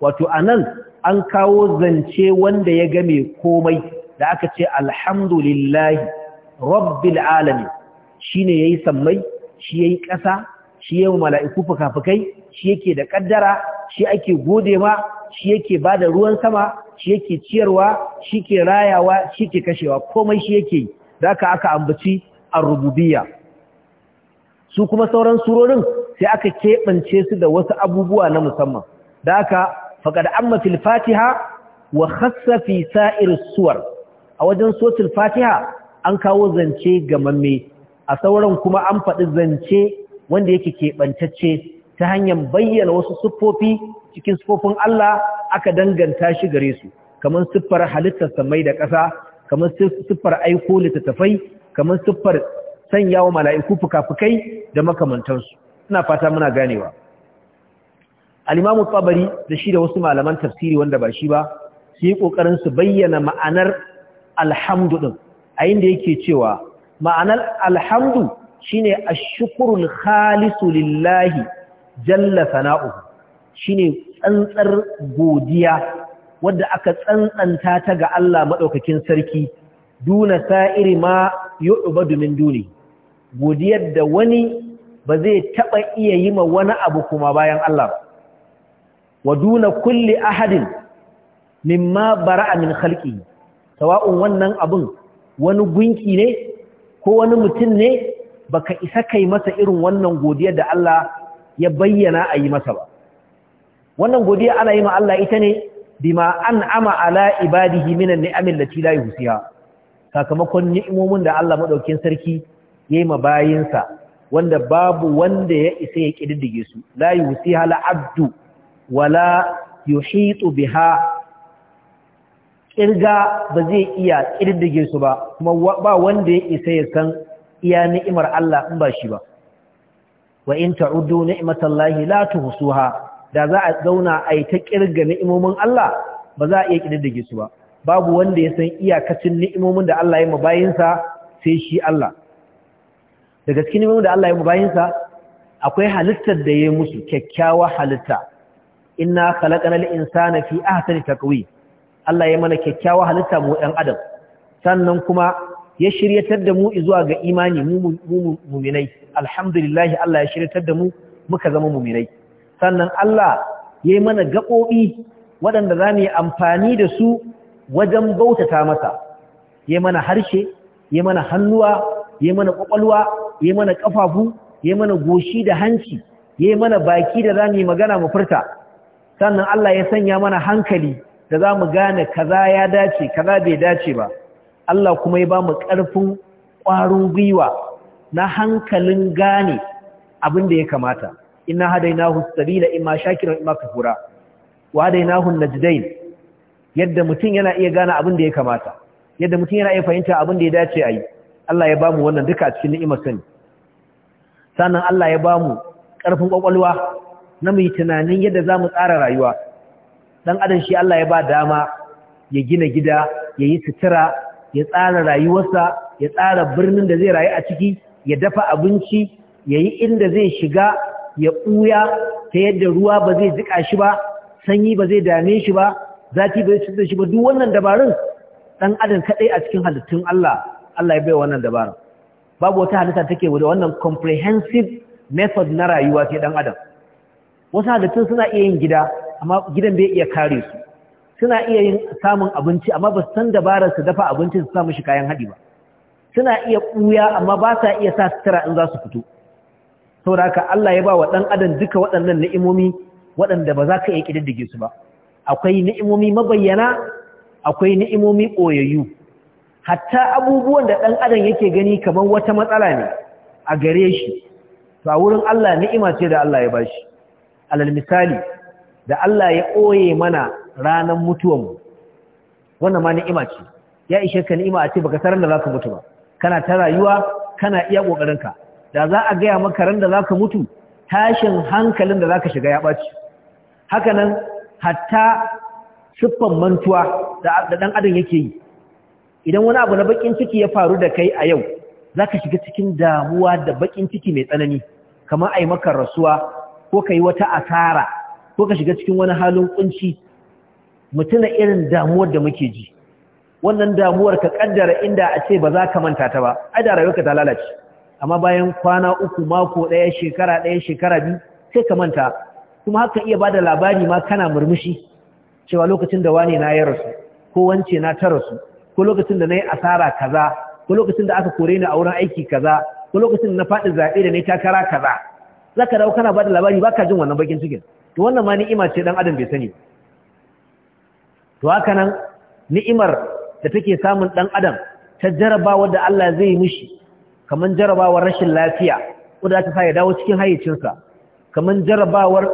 wato a nan an kawo zance wanda ya game komai da aka ce alhamdulillahi rabbil alami shi ne ya yi sammai shi ya yi ƙasa shi ya yi mala'iku fuka-fukai shi yake da kaddara shi ake gode ma shi yake ba da ruwan sama shi yake ciyarwa shi ke rayawa shi ke kashewa komai shi yake yi da aka aka ambaci a rububiya su kuma sauran surorin sai aka keɓance su da wasu abubuwa na musamman da aka faƙaɗa amma fatiha wa Hassafi sa'ir suwar a wajen Sotil fatiha an kawo zance ga gamamme a sauran kuma an faɗi zance wanda yake keɓantacce ta hanyar bayyana wasu siffofi cikin siffofin Allah aka danganta shi gare su kamar siffar halittar samai da ƙasa kamar siffar aiko littattafai kamar siffar sanya wa mala'iku fuka-fukai da makamantansu ina fata muna ganewa Alimamu imamu tsabari da shi da wasu malaman tafsiri wanda ba shi ba su yi ƙoƙarin su bayyana ma'anar alhamdu ɗin a inda yake cewa ma'anar alhamdu shine ashukurul khalisu lillahi jalla sana'uhu shine tsantsar godiya wadda aka tsantsanta ta ga Allah madaukakin sarki duna sa'iri ma yu'badu min duni godiyar da wani ba zai taba iya yi ma wani abu kuma bayan Allah ba wa duna kulli ahadin mimma bara'a min khalqi sawa'un wannan abun wani gunki ne ko wani mutum ne baka isa kai masa irin wannan godiyar da Allah ya bayyana a yi masa ba wannan godiya ana yi ma Allah ita ne bima ama ala ibadihi minan ni'amin lati la yusiha sakamakon ni'imomin da Allah madaukakin sarki ya yi ma bayinsa wanda babu wanda ya isa ya kididdige su la yusiha la abdu wala yuhitu biha kirga ba zai iya kididdige su ba kuma ba wanda ya isa ya san iya ni'imar Allah in ba shi ba wa in ta'uddu ni'matallahi la tuhsuha da za a zauna a ta kirga ni'imomin Allah ba za a iya kididdige su ba babu wanda ya san iyakacin ni'imomin da Allah ya sa sai shi Allah daga cikin ni'imomin da Allah ya sa akwai halittar da ya musu kyakkyawa halitta inna khalaqnal insana fi ahsani taqwim Allah ya mana kyakkyawa halitta mu ɗan adam sannan kuma ya shiryatar da mu zuwa ga imani mu muminai alhamdulillah Allah ya shiryatar da mu muka zama muminai sannan Allah ya yi mana gaɓoɓi waɗanda za mu yi amfani da su wajen bautata masa ya mana harshe ya mana hannuwa ya mana ƙwaƙwalwa ya mana ƙafafu ya mana goshi da hanci ya mana baki da za mu yi magana mu furta sannan Allah ya sanya mana hankali da za mu gane kaza ya dace kaza bai dace ba Allah kuma ya ba mu ƙarfin ƙwarin gwiwa na hankalin gane abin da ya kamata Ina ina hu sabila imma shakira imma kafura wa hadainahu najdain yadda mutum yana iya gane abin da ya kamata yadda mutum yana iya fahimta abin da ya dace a yi Allah ya ba mu wannan duka cikin ni'ima sani sannan Allah ya ba mu ƙarfin ƙwaƙwalwa na mu yi tunanin yadda za mu tsara rayuwa ɗan adam shi Allah ya ba dama ya gina gida ya yi sutura ya tsara rayuwarsa ya tsara birnin da zai rayu a ciki ya dafa abinci ya yi inda zai shiga ya ɓuya ta yadda ruwa ba zai jiƙa shi ba sanyi ba zai dame shi ba zafi ba zai cuta shi ba duk wannan dabarun ɗan adam kaɗai a cikin halittun Allah Allah ya bai wannan dabarun babu wata halitta take da wannan comprehensive method na rayuwa sai ɗan adam wasu halittun suna iya yin gida amma gidan bai iya kare su suna iya yin samun abinci amma ba su san dabarar su dafa abinci su sa shi kayan haɗi ba suna iya buya amma ba sa iya sa sutura in za su fito saboda haka Allah ya ba wa ɗan adam duka waɗannan ni'imomi waɗanda ba za ka iya ƙididdige su ba akwai ni'imomi mabayyana akwai ni'imomi ɓoyayyu hatta abubuwan da ɗan adam yake gani kamar wata matsala ne a gare shi to a wurin Allah ni'ima ce da Allah ya bashi alal misali da Allah ya ɓoye mana ranar mutuwanmu wannan ma ni'ima ce ya ishe ka ni'ima a ce baka san da zaka mutu ba kana ta rayuwa kana iya kokarin ka da za a gaya maka ran da zaka mutu tashin hankalin da zaka shiga ya baci haka nan hatta siffan mantuwa da dan adam yake yi idan wani abu na bakin ciki ya faru da kai a yau zaka shiga cikin damuwa da bakin ciki mai tsanani kamar ai maka rasuwa ko kai wata asara ko ka shiga cikin wani halin kunci mutuna irin damuwar da muke ji wannan damuwar ka kaddara inda a ce ba za ka manta ta ba ai da rayuwarka ta lalace amma bayan kwana uku mako ɗaya shekara ɗaya shekara biyu sai ka manta kuma haka iya bada labari ma kana murmushi cewa lokacin da wane na ya rasu ko wance na ta rasu ko lokacin da na yi asara kaza ko lokacin da aka kore ni a wurin aiki kaza ko lokacin da na faɗi zaɓe da na yi takara kaza za ka dawo kana bada labari ba ka jin wannan bakin cikin to wannan ma ni'ima ce ɗan adam bai sani ba to haka nan ni'imar da take samun dan adam ta jarabawa da Allah zai mishi kaman jarabawar rashin lafiya da ta sa ya dawo cikin hayyacinsa kaman jarabawar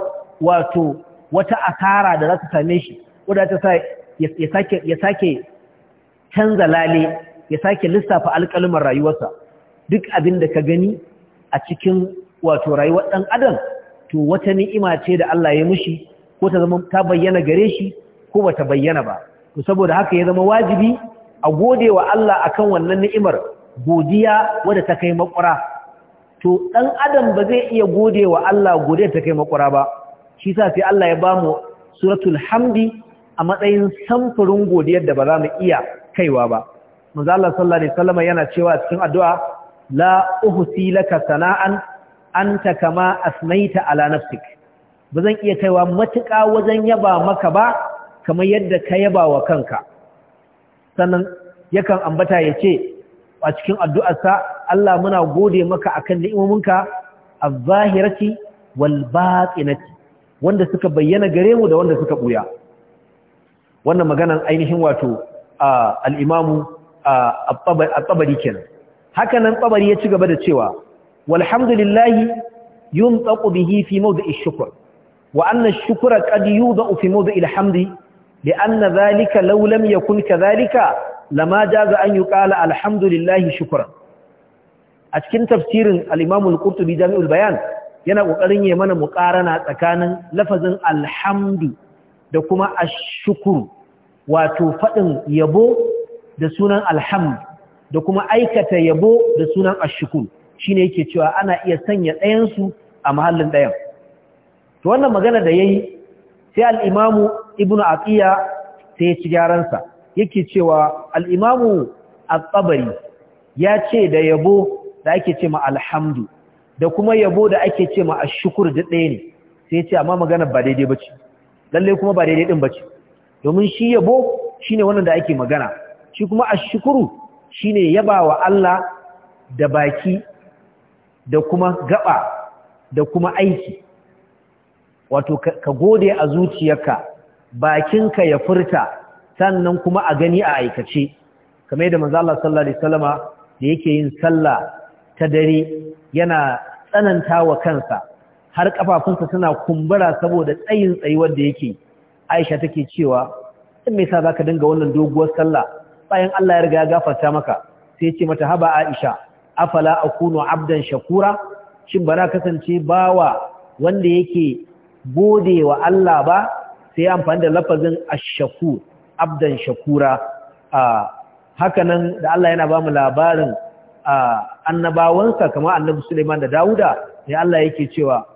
wato wata asara da za ta same shi da ta sa ya sake ya sake canza lale ya sake lissafa alƙalmar rayuwarsa duk abin da ka gani a cikin wato rayuwar dan adam to wata ni'ima ce da Allah ya mishi ko ta zama ta bayyana gare shi ko ba ta bayyana ba to saboda haka ya zama wajibi a gode wa Allah akan wannan ni'imar godiya wadda ta kai makura to dan adam ba zai iya gode wa Allah godiya ta kai makura ba shi yasa sai Allah ya bamu suratul hamdi a matsayin samfurin godiyar da ba za mu iya kaiwa ba manzo Allah sallallahu alaihi wasallam yana cewa cikin addu'a la uhsi laka sana'an anta kama asmaita, ala nafsik ba zan iya kaiwa matuƙa wajen yaba maka ba kamar yadda ka yaba wa kanka sannan yakan ambata ya ce a cikin addu'arsa Allah muna gode maka akan ni'imominka a zahirati wal wanda suka bayyana gare mu da wanda suka buya wannan maganan ainihin wato al-imamu at kenan haka nan tabari ya ci gaba da cewa walhamdulillahi yuntaqu bihi fi mawdi'i shukr wa anna ash-shukra qad yudau fi mawdi'i al-hamdi bi anna zalika law lam yakun kadhalika lama jaza an yuqala alhamdulillahi shukran a cikin tafsirin al-Imam al-Qurtubi Jami'ul Bayan yana kokarin yayi mana muqarana tsakanin lafazin alhamdu da kuma ash-shukr wato fadin yabo da sunan alhamd da kuma aikata yabo da sunan ash-shukr shine yake cewa ana iya sanya ɗayan su a mahallin ɗayan to wannan magana da yayi sai al imamu ibn aqiya sai ya ci gyaransa yake cewa al-imamu at-tabari ya ce da yabo da ake ce ma alhamdu da kuma yabo da ake ce ma Ashukur da ɗaya ne sai ya ce amma magana ba daidai ce, lallai kuma ba daidai din ce. domin shi yabo shine wannan da ake magana shi kuma ashkuru shine yabawa Allah da baki da kuma gaba da kuma aiki wato ka gode a zuciyarka bakinka ya furta sannan kuma a gani a aikace kamar yadda manzo Allah sallallahu alaihi wasallama da yake yin sallah ta dare yana tsananta wa kansa har kafafunsa suna kumbura saboda tsayin tsayuwar da yake Aisha take cewa in me yasa zaka dinga wannan doguwar sallah bayan Allah ya riga ya gafarta maka sai ya ce mata haba Aisha afala akunu abdan shakura shin bara kasance bawa wanda yake gode wa Allah ba sai amfani da lafazin ashakur abdan shakura hakanan da Allah yana ba mu labarin annabawansa kama annabi Suleiman da Dawuda sai Allah yake cewa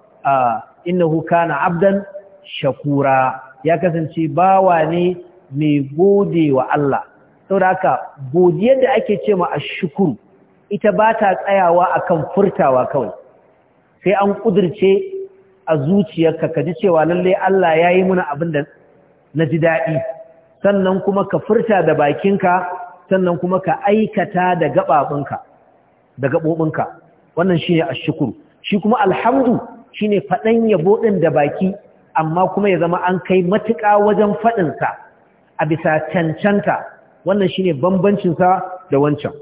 innahu kana abdan shakura ya kasance bawa ne mai gode wa Allah saboda haka godiyar da ake cewa ashkuru ita ba ta tsayawa akan furtawa kawai sai an kudirce a zuciyarka ka ji cewa lalle Allah ya yi muna abin da na ji daɗi sannan kuma ka furta da bakinka sannan kuma ka aikata da gaɓaɓinka da gaɓoɓinka wannan shi ne a shukuru shi kuma alhamdu shi ne faɗan yabo ɗin da baki amma kuma ya zama an kai matuƙa wajen faɗinsa a bisa cancanta wannan shi ne bambancinsa da wancan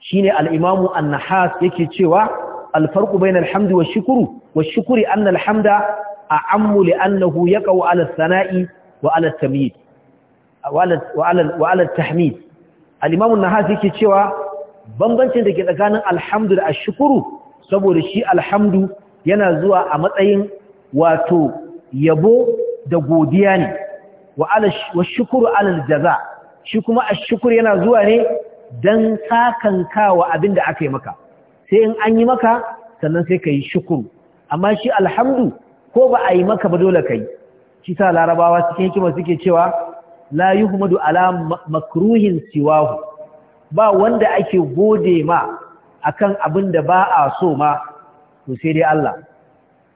shi ne al'imamu annahas yake cewa alfarku bainal hamdi wa shukuru wa shukuri annal hamda a'ammu li'annahu yaqau ala sana'i wa ala tamyid wa ala wa ala tahmid al-imam an yake cewa bambancin da ke tsakanin alhamdu da ashkuru saboda shi alhamdu yana zuwa a matsayin wato yabo da godiya ne wa ala wa shukuru jaza shi kuma ashkuru yana zuwa ne dan sakankawa abinda aka yi maka sai in an yi maka sannan sai ka yi shukuru amma shi alhamdu ko ba a yi maka ba dole ka yi shi sa larabawa cikin hikima suke cewa la yuhmadu ala makruhin siwahu ba wanda ake gode ma akan abin da ba a so ma to sai dai Allah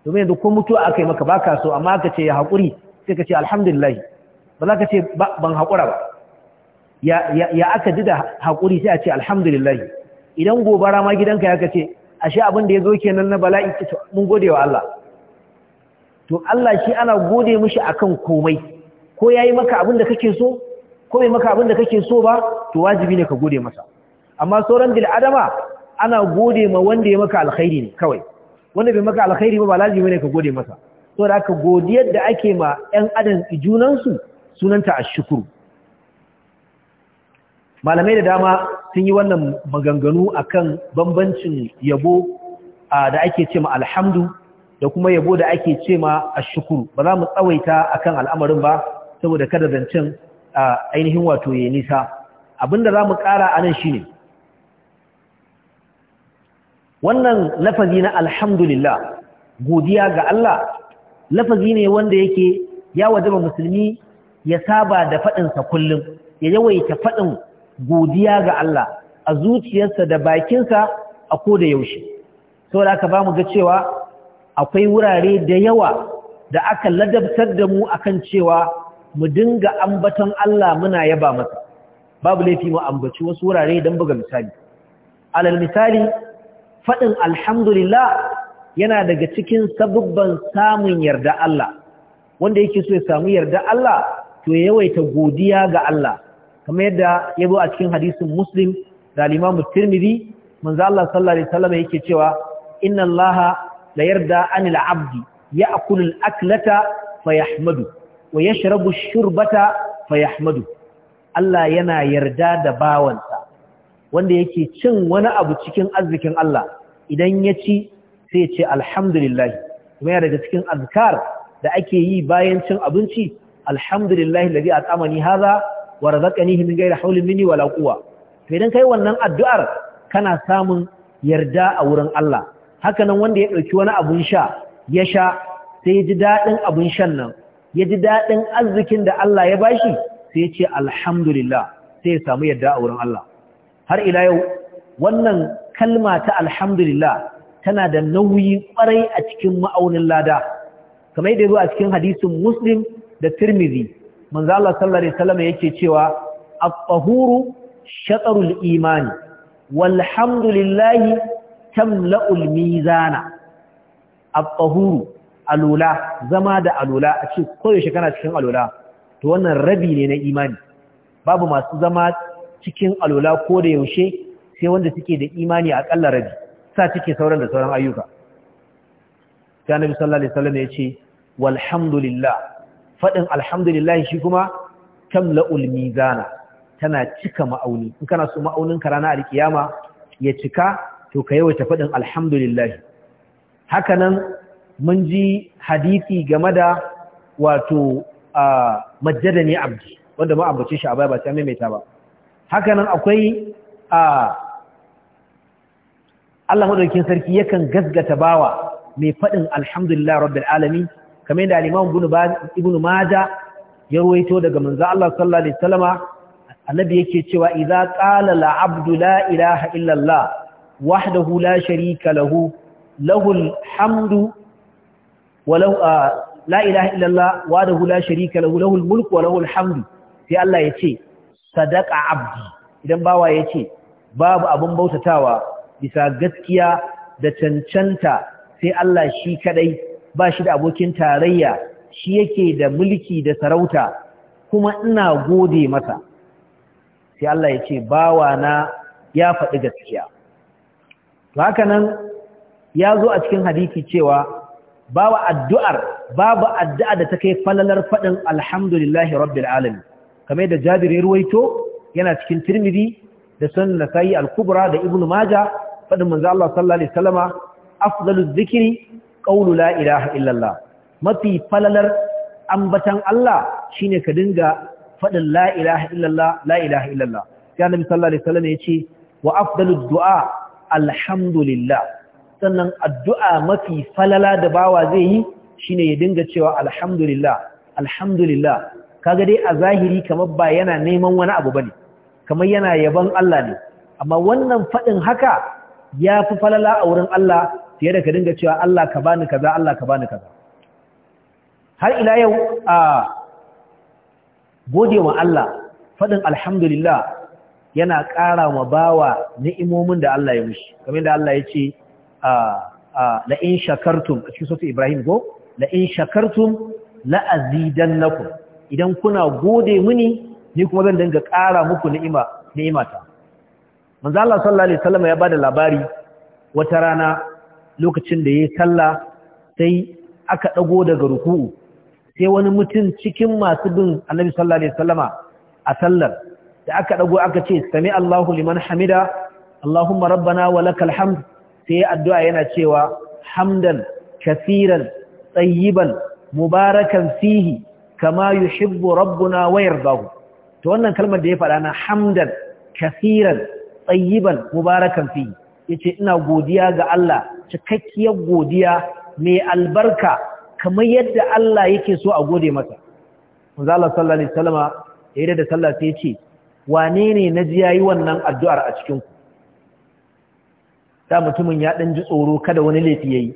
domin yanzu ko mutu aka yi maka baka so amma ka ce ya haƙuri sai ka ce alhamdulillah ba za ka ce ban haƙura ba ya aka ji da haƙuri sai a ce alhamdulillah idan gobara ma gidanka ya kace ashe abin da ya zo kenan na bala'i kito mun gode wa Allah to Allah shi ana gode mishi akan komai ko yayi maka abin da kake so ko bai maka abin da kake so ba to wajibi ne ka gode masa amma sauran bil adama ana gode ma wanda ya maka alkhairi ne kawai wanda bai maka alkhairi ba ba lazimi ne ka gode masa to da aka godiyar da ake ma yan adam ijunan su sunanta ashkuru malamai da dama sun yi wannan maganganu a kan bambancin yabo da ake ce ma alhamdu da kuma yabo da ake ce ma shukuru ba za mu tsawaita a kan al'amarin ba saboda kada zancen ainihin wato ya nisa abinda za mu ƙara a nan shine wannan lafazi na alhamdulillah godiya ga Allah lafazi ne wanda yake ya wajaba musulmi ya saba da faɗinsa kullum ya yawaita faɗin godiya ga Allah a zuciyarsa da bakinsa a ko da yaushe Sau da aka ba mu ga cewa akwai wurare da yawa da aka ladabtar da mu a kan cewa mu dinga ambaton Allah muna yaba masa babu laifi mu ambaci wasu wurare don buga misali alal misali faɗin alhamdulillah yana daga cikin sabubban samun yarda Allah wanda yake so ya samu yarda Allah to yawaita godiya ga Allah kamar yadda ya zo a cikin hadisin muslim da limamu tirmidhi manzo Allah sallallahu alaihi wasallam yake cewa inna Allaha la yarda anil abdi ya'kulu al-aklata fayahmadu wa yashrabu ash-shurbata fayahmadu Allah yana yarda da bawansa wanda yake cin wani abu cikin arzikin Allah idan ya ci sai ce alhamdulillah kuma yana daga cikin azkar da ake yi bayan cin abinci alhamdulillah alladhi at'amani hadha wa razaqanihi min ghairi hawlin minni wala quwwa to idan kai wannan addu'ar kana samun yarda a wurin Allah haka nan wanda ya dauki wani abun sha ya sha sai ya ji dadin abun shan nan ya ji dadin arzikin da Allah ya bashi sai ya ce alhamdulillah sai ya samu yarda a wurin Allah har ila yau wannan kalma ta alhamdulillah tana da nauyi kwarai a cikin ma'aunin lada kamar yadda a cikin hadisin muslim da tirmidhi manzo Allah sallallahu alaihi wasallam yake cewa at-tahuru shatrul imani walhamdulillahi tamla'ul mizana at-tahuru alula zama da alula a ce koyaushe kana cikin alula to wannan rabi ne na imani babu masu zama cikin alula ko da yaushe sai wanda suke da imani a ƙalla rabi sa cike sauran da sauran ayyuka ta nabi sallallahu alaihi wasallam ya ce walhamdulillah faɗin alhamdulillah shi kuma kam mizana tana cika ma'auni in kana so ma'aunin ka rana alkiyama ya cika to ka yawaita faɗin alhamdulillah Hakanan mun ji hadisi game da wato a ne abdi wanda ma ambace shi a baya ba ta maimaita ba Hakanan akwai Allah madaukin sarki yakan gasgata bawa mai faɗin alhamdulillah rabbil alamin kamar da al-Imam Ibn Majah ya ruwaito daga manzo Allah sallallahu alaihi wasallama annabi yake cewa idza ƙala la abdu la ilaha illa Allah wahdahu la sharika lahu lahul hamdu wa lahu ah, la Allah wahdahu la sharika lahu lahul mulku wa lahul hamdu sai Allah yace sadaqa abdi idan bawa yace babu abun bautatawa bisa gaskiya da cancanta sai Allah shi kadai ba shi da abokin tarayya shi yake da mulki da sarauta kuma ina gode masa sai Allah ya ce bawa na ya faɗi gaskiya haka nan ya zo a cikin hadisi cewa bawa addu'ar babu addu'a da ta kai falalar faɗin alhamdulillahi rabbil alamin kamar da jabir ruwaito yana cikin tirmidhi da sunan nasa'i al-kubra da ibnu maja faɗin manzo Allah sallallahu alaihi wasallama afdalu zikri ƙaunu la ilaha illallah mafi falalar ambatan Allah shine ka dinga faɗin la ilaha illallah la ilaha illallah ya nabi sallallahu alaihi ya yace wa afdalud du'a alhamdulillah sannan addu'a mafi falala da bawa zai yi shine ya dinga cewa alhamdulillah alhamdulillah kaga dai a zahiri kamar ba yana neman wani abu bane kamar yana yabon Allah ne amma wannan faɗin haka ya fi falala a wurin Allah fiye da ka dinga cewa Allah ka bani kaza Allah ka bani kaza har ila yau a gode wa Allah fadin alhamdulillah yana ƙara wa bawa ni'imomin da Allah ya mishi kamar da Allah ya ce la in shakartum a cikin sautin Ibrahim go la in shakartum la azidannakum idan kuna gode mini ni kuma zan dinga ƙara muku ni'ima ni'imata manzo Allah sallallahu alaihi wasallam ya bada labari wata rana lokacin da ya yi sallah sai aka ɗago daga ruku'u sai wani mutum cikin masu bin annabi sallallahu alaihi wasallama a sallar da aka ɗago aka ce sami Allahu liman hamida Allahumma rabbana wa lakal hamd sai ya addu'a yana cewa hamdan kasiran tsayiban mubarakan fihi kama yuhibbu rabbuna wa yardahu to wannan kalmar da ya faɗa na hamdan kasiran tsayiban mubarakan fihi yace ina godiya ga Allah cikakkiyar godiya mai albarka kamar yadda Allah yake so a gode mata. manzo Allah sallallahu alaihi ya yayin da sallah sai yace wane ne naji yayi wannan addu'ar a cikin ku da mutumin ya dan ji tsoro kada wani laifi yayi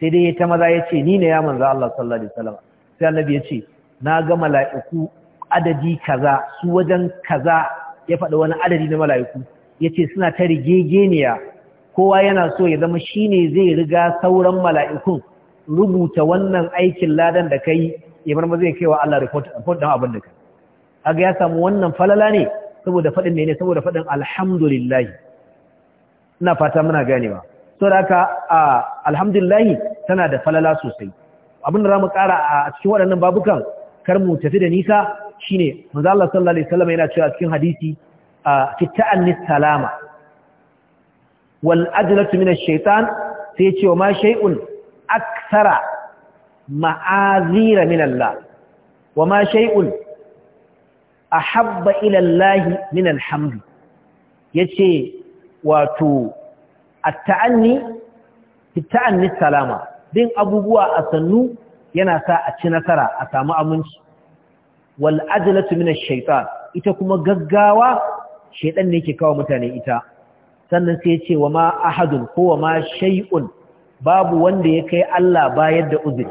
sai dai ta maza yace ni ne ya manzo Allah sallallahu alaihi wasallam sai annabi yace na ga mala'iku adadi kaza su wajen kaza ya faɗi wani adadi na mala'iku ya ce suna ta rigegeniya kowa yana so ya zama shi ne zai riga sauran mala'ikun rubuta wannan aikin ladan da ka yi yamar ma zai kai wa Allah report don abin da ka ga ya samu wannan falala ne saboda faɗin ne saboda faɗin alhamdulillahi ina fata muna ganewa so da haka alhamdulillahi tana da falala sosai abin da za mu ƙara a cikin waɗannan babukan kar mu tafi da nisa shi ne, Allah sallallahu alaihi wasallam yana cewa cikin hadisi fi ta'annis salama wal ajlatu min ash-shaytan sai ce ma shay'un akthara ma'azira min Allah wa ma shay'un ahabba ila Allah min alhamd yace wato at-ta'anni fi ta'annis salama din abubuwa a sannu yana sa a ci nasara a samu aminci wal ajlatu min ash-shaytan ita kuma gaggawa shedan ne yake kawo mutane ita sannan sai ya ce wa ma ahadun ko wa ma shay'un babu wanda ya kai Allah bayar da uzuri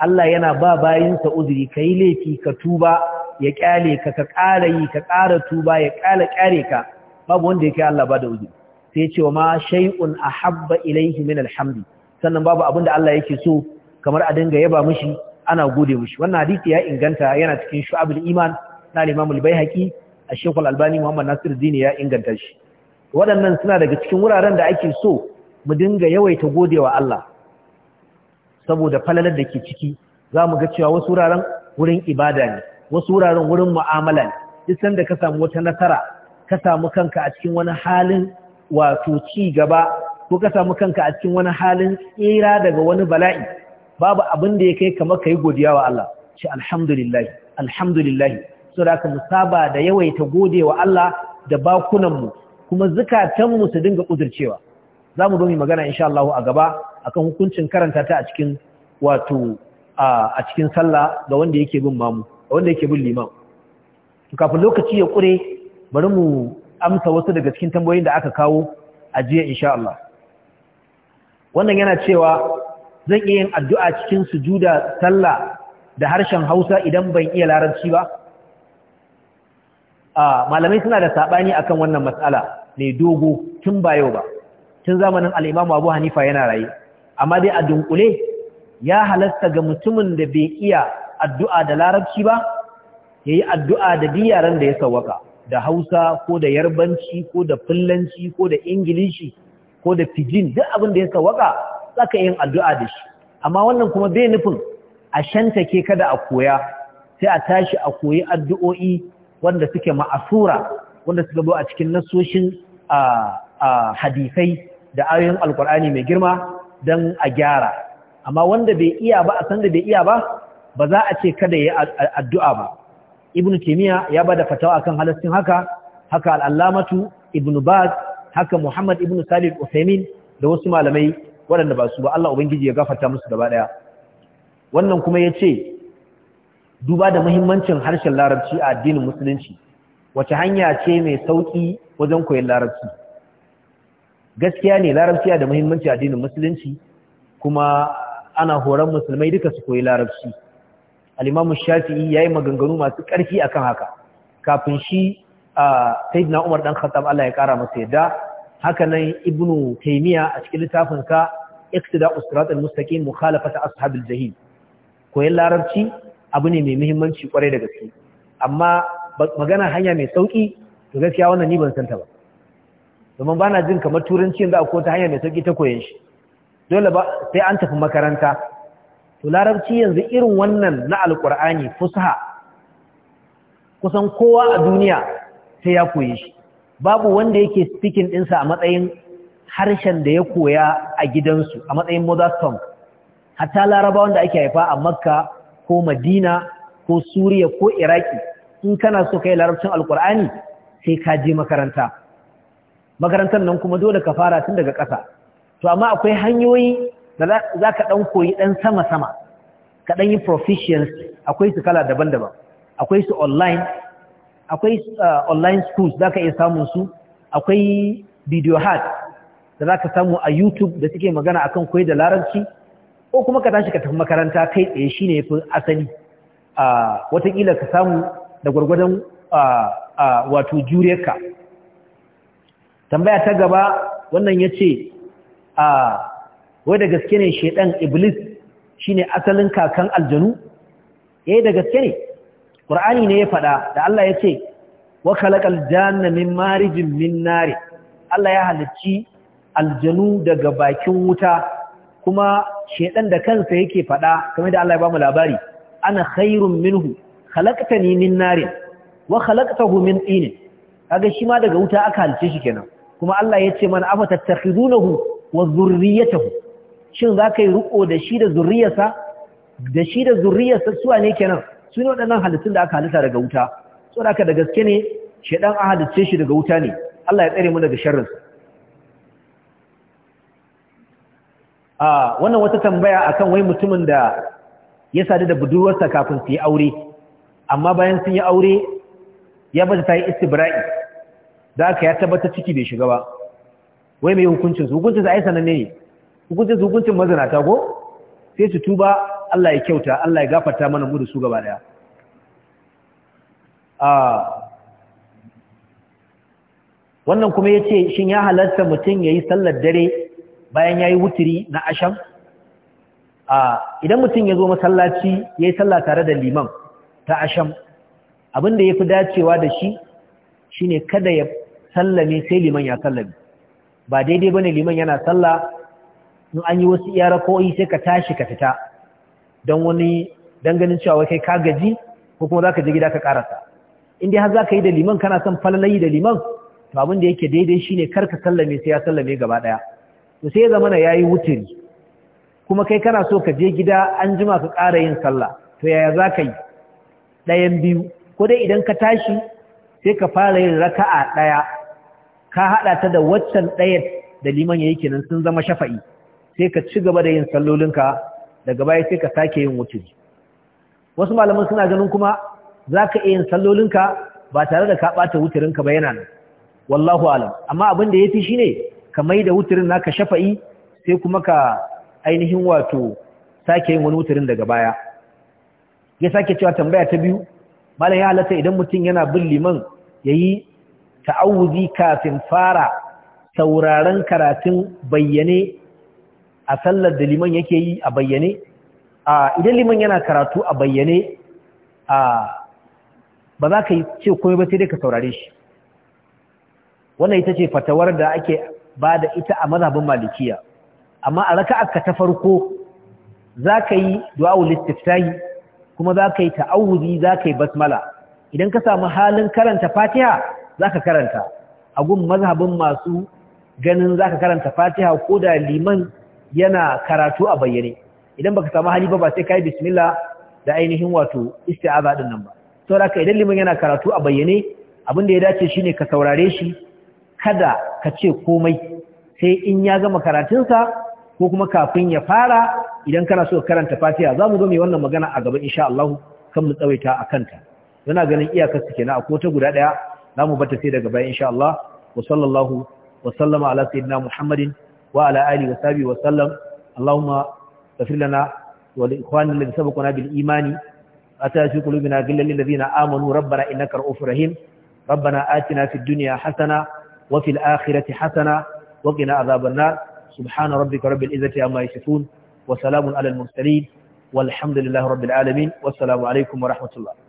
Allah yana ba bayinsa uzuri kai laifi ka tuba ya kyale ka ka ƙara yi ka ƙara tuba ya ƙala ka babu wanda ya kai Allah ba da uzuri sai ya ce wa ma shay'un ahabba ilayhi min alhamdi sannan babu abin da Allah yake so kamar a dinga yaba mishi ana gode mishi wannan hadisi ya inganta yana cikin shu'abul iman na Imam al-Baihaqi a shekul albani muhammad nasir dini ya inganta shi waɗannan suna daga cikin wuraren da ake so mu dinga yawaita godewa Allah saboda falalar da ke ciki za mu ga cewa wasu wuraren wurin ibada ne wasu wuraren wurin mu'amala ne duk sanda ka samu wata nasara ka samu kanka a cikin wani halin wato ci gaba ko ka samu kanka a cikin wani halin tsira daga wani bala'i babu abin da ya kai kamar ka yi godiya wa Allah ce alhamdulillah alhamdulillah so da mu saba da yawaita gode wa Allah da bakunanmu kuma zukatanmu su dinga kudurcewa za mu domi magana insha Allah a gaba akan hukuncin karanta ta a cikin wato a cikin sallah ga wanda yake bin mamu ga wanda yake bin limam kafin lokaci ya kure bari mu amsa wasu daga cikin tambayoyin da aka kawo a jiya insha Allah wannan yana cewa zan iya yin addu'a cikin sujuda sallah da harshen Hausa idan ban iya larabci ba malamai suna da saɓani akan wannan matsala mai dogo tun ba yau ba tun zamanin al'imamu abu hanifa yana raye amma dai a dunkule ya halasta ga mutumin da bai iya addu'a da larabci ba ya yi addu'a da biyaran da ya sauwaka da hausa ko da yarbanci ko da Fulanci ko da ingilishi ko da fijin duk abin da ya sauwaka saka yin addu'a da shi amma wannan kuma bai nufin a shanta ke kada a koya sai a tashi a koyi addu'o'i wanda suke ma'asura wanda suka zo a cikin nasoshin hadisai da ayoyin alkur'ani mai girma don a gyara amma wanda bai iya ba a san da bai iya ba ba za a ce kada ya addu'a ba ibn kimiyya ya bada fatawa akan halastin haka haka al'allamatu ibn baz haka muhammad ibn salih usaimin da wasu malamai waɗanda ba su ba Allah ubangiji ya gafarta musu gaba ɗaya wannan kuma ya ce duba da muhimmancin harshen larabci a addinin musulunci wace hanya ce mai sauƙi wajen koyon larabci gaskiya ne larabci da muhimmanci a addinin musulunci kuma ana horon musulmai duka su koyi larabci al-imamu shafi'i yayi maganganu masu ƙarfi akan haka kafin shi sayyidina Umar dan Khattab Allah ya kara masa yadda haka nan ibnu taymiya a cikin littafin sa iqtida usrat al-mustaqim mukhalafat ashabil jahil koyan larabci abu ne mai muhimmanci kwarai da gaske amma magana hanya mai sauki to gaskiya wannan ni ban san ta ba domin bana jin kamar turanci yanzu akwai ta hanya mai sauki ta koyon shi dole ba sai an tafi makaranta to larabci yanzu irin wannan na alqur'ani fusaha kusan kowa a duniya sai ya koye shi babu wanda yake speaking ɗinsa a matsayin harshen da ya koya a gidansu a matsayin mother tongue hatta larabawan da ake haifa a makka ko madina ko suriya ko iraki in kana so ka yi larabcin alkur'ani sai ka je makaranta makarantar nan kuma dole ka fara tun daga ƙasa to amma akwai hanyoyi da za ka ɗan koyi ɗan sama-sama ka ɗan yi proficiency akwai su kala daban-daban akwai su online akwai uh, online schools za ka iya samun su akwai video hat da za ka samu a youtube da suke magana akan koyi da larabci ko kuma ka tashi ka tafi makaranta kai tsaye ne yafi asali a watakila ka samu da gwargwadon wato juriyarka tambaya ta gaba wannan ya ce a wai da gaske ne shaidan iblis shi ne asalin kakan aljanu yi eh, da gaske ne qur'ani ne ya faɗa da Allah ya ce wa khalaqal janna min marijin min nare. Allah ya halicci aljanu daga bakin wuta kuma shedan da kansa yake fada kamar da Allah ya bamu labari ana khairun minhu khalaqtani min narin wa khalaqtahu min tin kaga shi ma daga wuta aka halice shi kenan kuma Allah ya ce mana afatattakhidunahu wa zurriyatahu shin zaka yi ruko da shi da zurriyarsa da shi da zurriyarsa su ne kenan su ne waɗannan halittun da aka halitta daga wuta so ka da gaske ne shedan a halice shi daga wuta ne Allah ya tsare mu daga sharrinsa a wannan wata tambaya akan wai mutumin da ya sadu da budurwarsa kafin su yi aure amma bayan sun yi aure ya bata ta yi istibra'i da aka ya tabbata ciki bai shiga ba wai mai hukuncinsu hukuncinsu ai sananne ne hukuncinsu hukuncin mazinata ko sai su tuba Allah ya kyauta Allah ya gafarta mana mu da su gaba daya wannan kuma yace shin ya halarta mutum yayi sallar dare bayan ya yi wutiri na asham idan mutum ya zo masallaci ya yi sallah tare da liman ta asham abin da fi dacewa da shi shine kada ya sallame sai liman ya sallame ba daidai ba ne liman yana salla in an yi wasu iyara yi sai ka tashi ka fita don wani danganin cewa kai ka gaji ko kuma za ka je gida ka karasa in dai har za ka yi da liman kana son falalayi da liman to abinda da yake daidai shine kar ka sallame sai ya sallame gaba ɗaya. to sai ya zama na yayi wuturi kuma kai kana so ka je gida an jima ka ƙara yin sallah to yaya za ka yi ɗayan biyu ko dai idan ka tashi sai ka fara yin raka'a ɗaya ka haɗa ta da waccan ɗaya da liman ya yi kenan sun zama shafa'i sai ka ci gaba da yin sallolinka daga baya sai ka sake yin wuturi wasu malaman suna ganin kuma za ka iya yin sallolinka ba tare da ka ɓata wuturinka ba yana nan wallahu alam amma abin da ya fi shi ne ka mai da wuturin naka shafa'i sai kuma ka ainihin wato sake yin wani wuturin daga baya ya sake cewa tambaya ta biyu malam ya halatta idan mutum yana bin liman yayi ta'awuzi kafin fara sauraron karatun bayyane a sallar da liman yake yi a bayyane idan liman yana karatu a bayyane a ba za ka ce komai ba sai dai ka saurare shi wannan ita ce fatawar da ake ba da ita a mazhabin malikiya amma a raka'arka ta farko za ka yi du'a'ul istiftahi kuma za ka yi ta'awuzi za ka yi basmala idan ka samu halin karanta fatiha za ka karanta a gun mazhabin masu ganin za ka karanta fatiha ko da liman yana karatu a bayyane idan ba ka samu hali ba ba sai ka yi bismila da ainihin wato isti'aza din nan ba saboda idan liman yana karatu a bayyane abin da ya dace shine ka saurare shi kada ka ce komai sai in ya gama karatunsa ko kuma kafin ya fara idan kana so karanta fatiha za mu zo mai wannan magana a gaba insha Allah kan mu tsawaita a kanta yana ganin iyakar su kenan akwai ta guda daya za mu bata sai daga baya insha Allah wa sallallahu wa sallama ala sayyidina Muhammadin wa ala alihi wa sahbihi wa sallam Allahumma ghfir lana wa li ikhwanina alladhina sabaquna bil imani ata fi qulubina ghillal lil ladina amanu rabbana innaka ra'ufur rahim ربنا آتنا في الدنيا حسنة وفي الآخرة حسنة وقنا عذاب النار سبحان ربك رب العزة عما يصفون وسلام على المرسلين والحمد لله رب العالمين والسلام عليكم ورحمة الله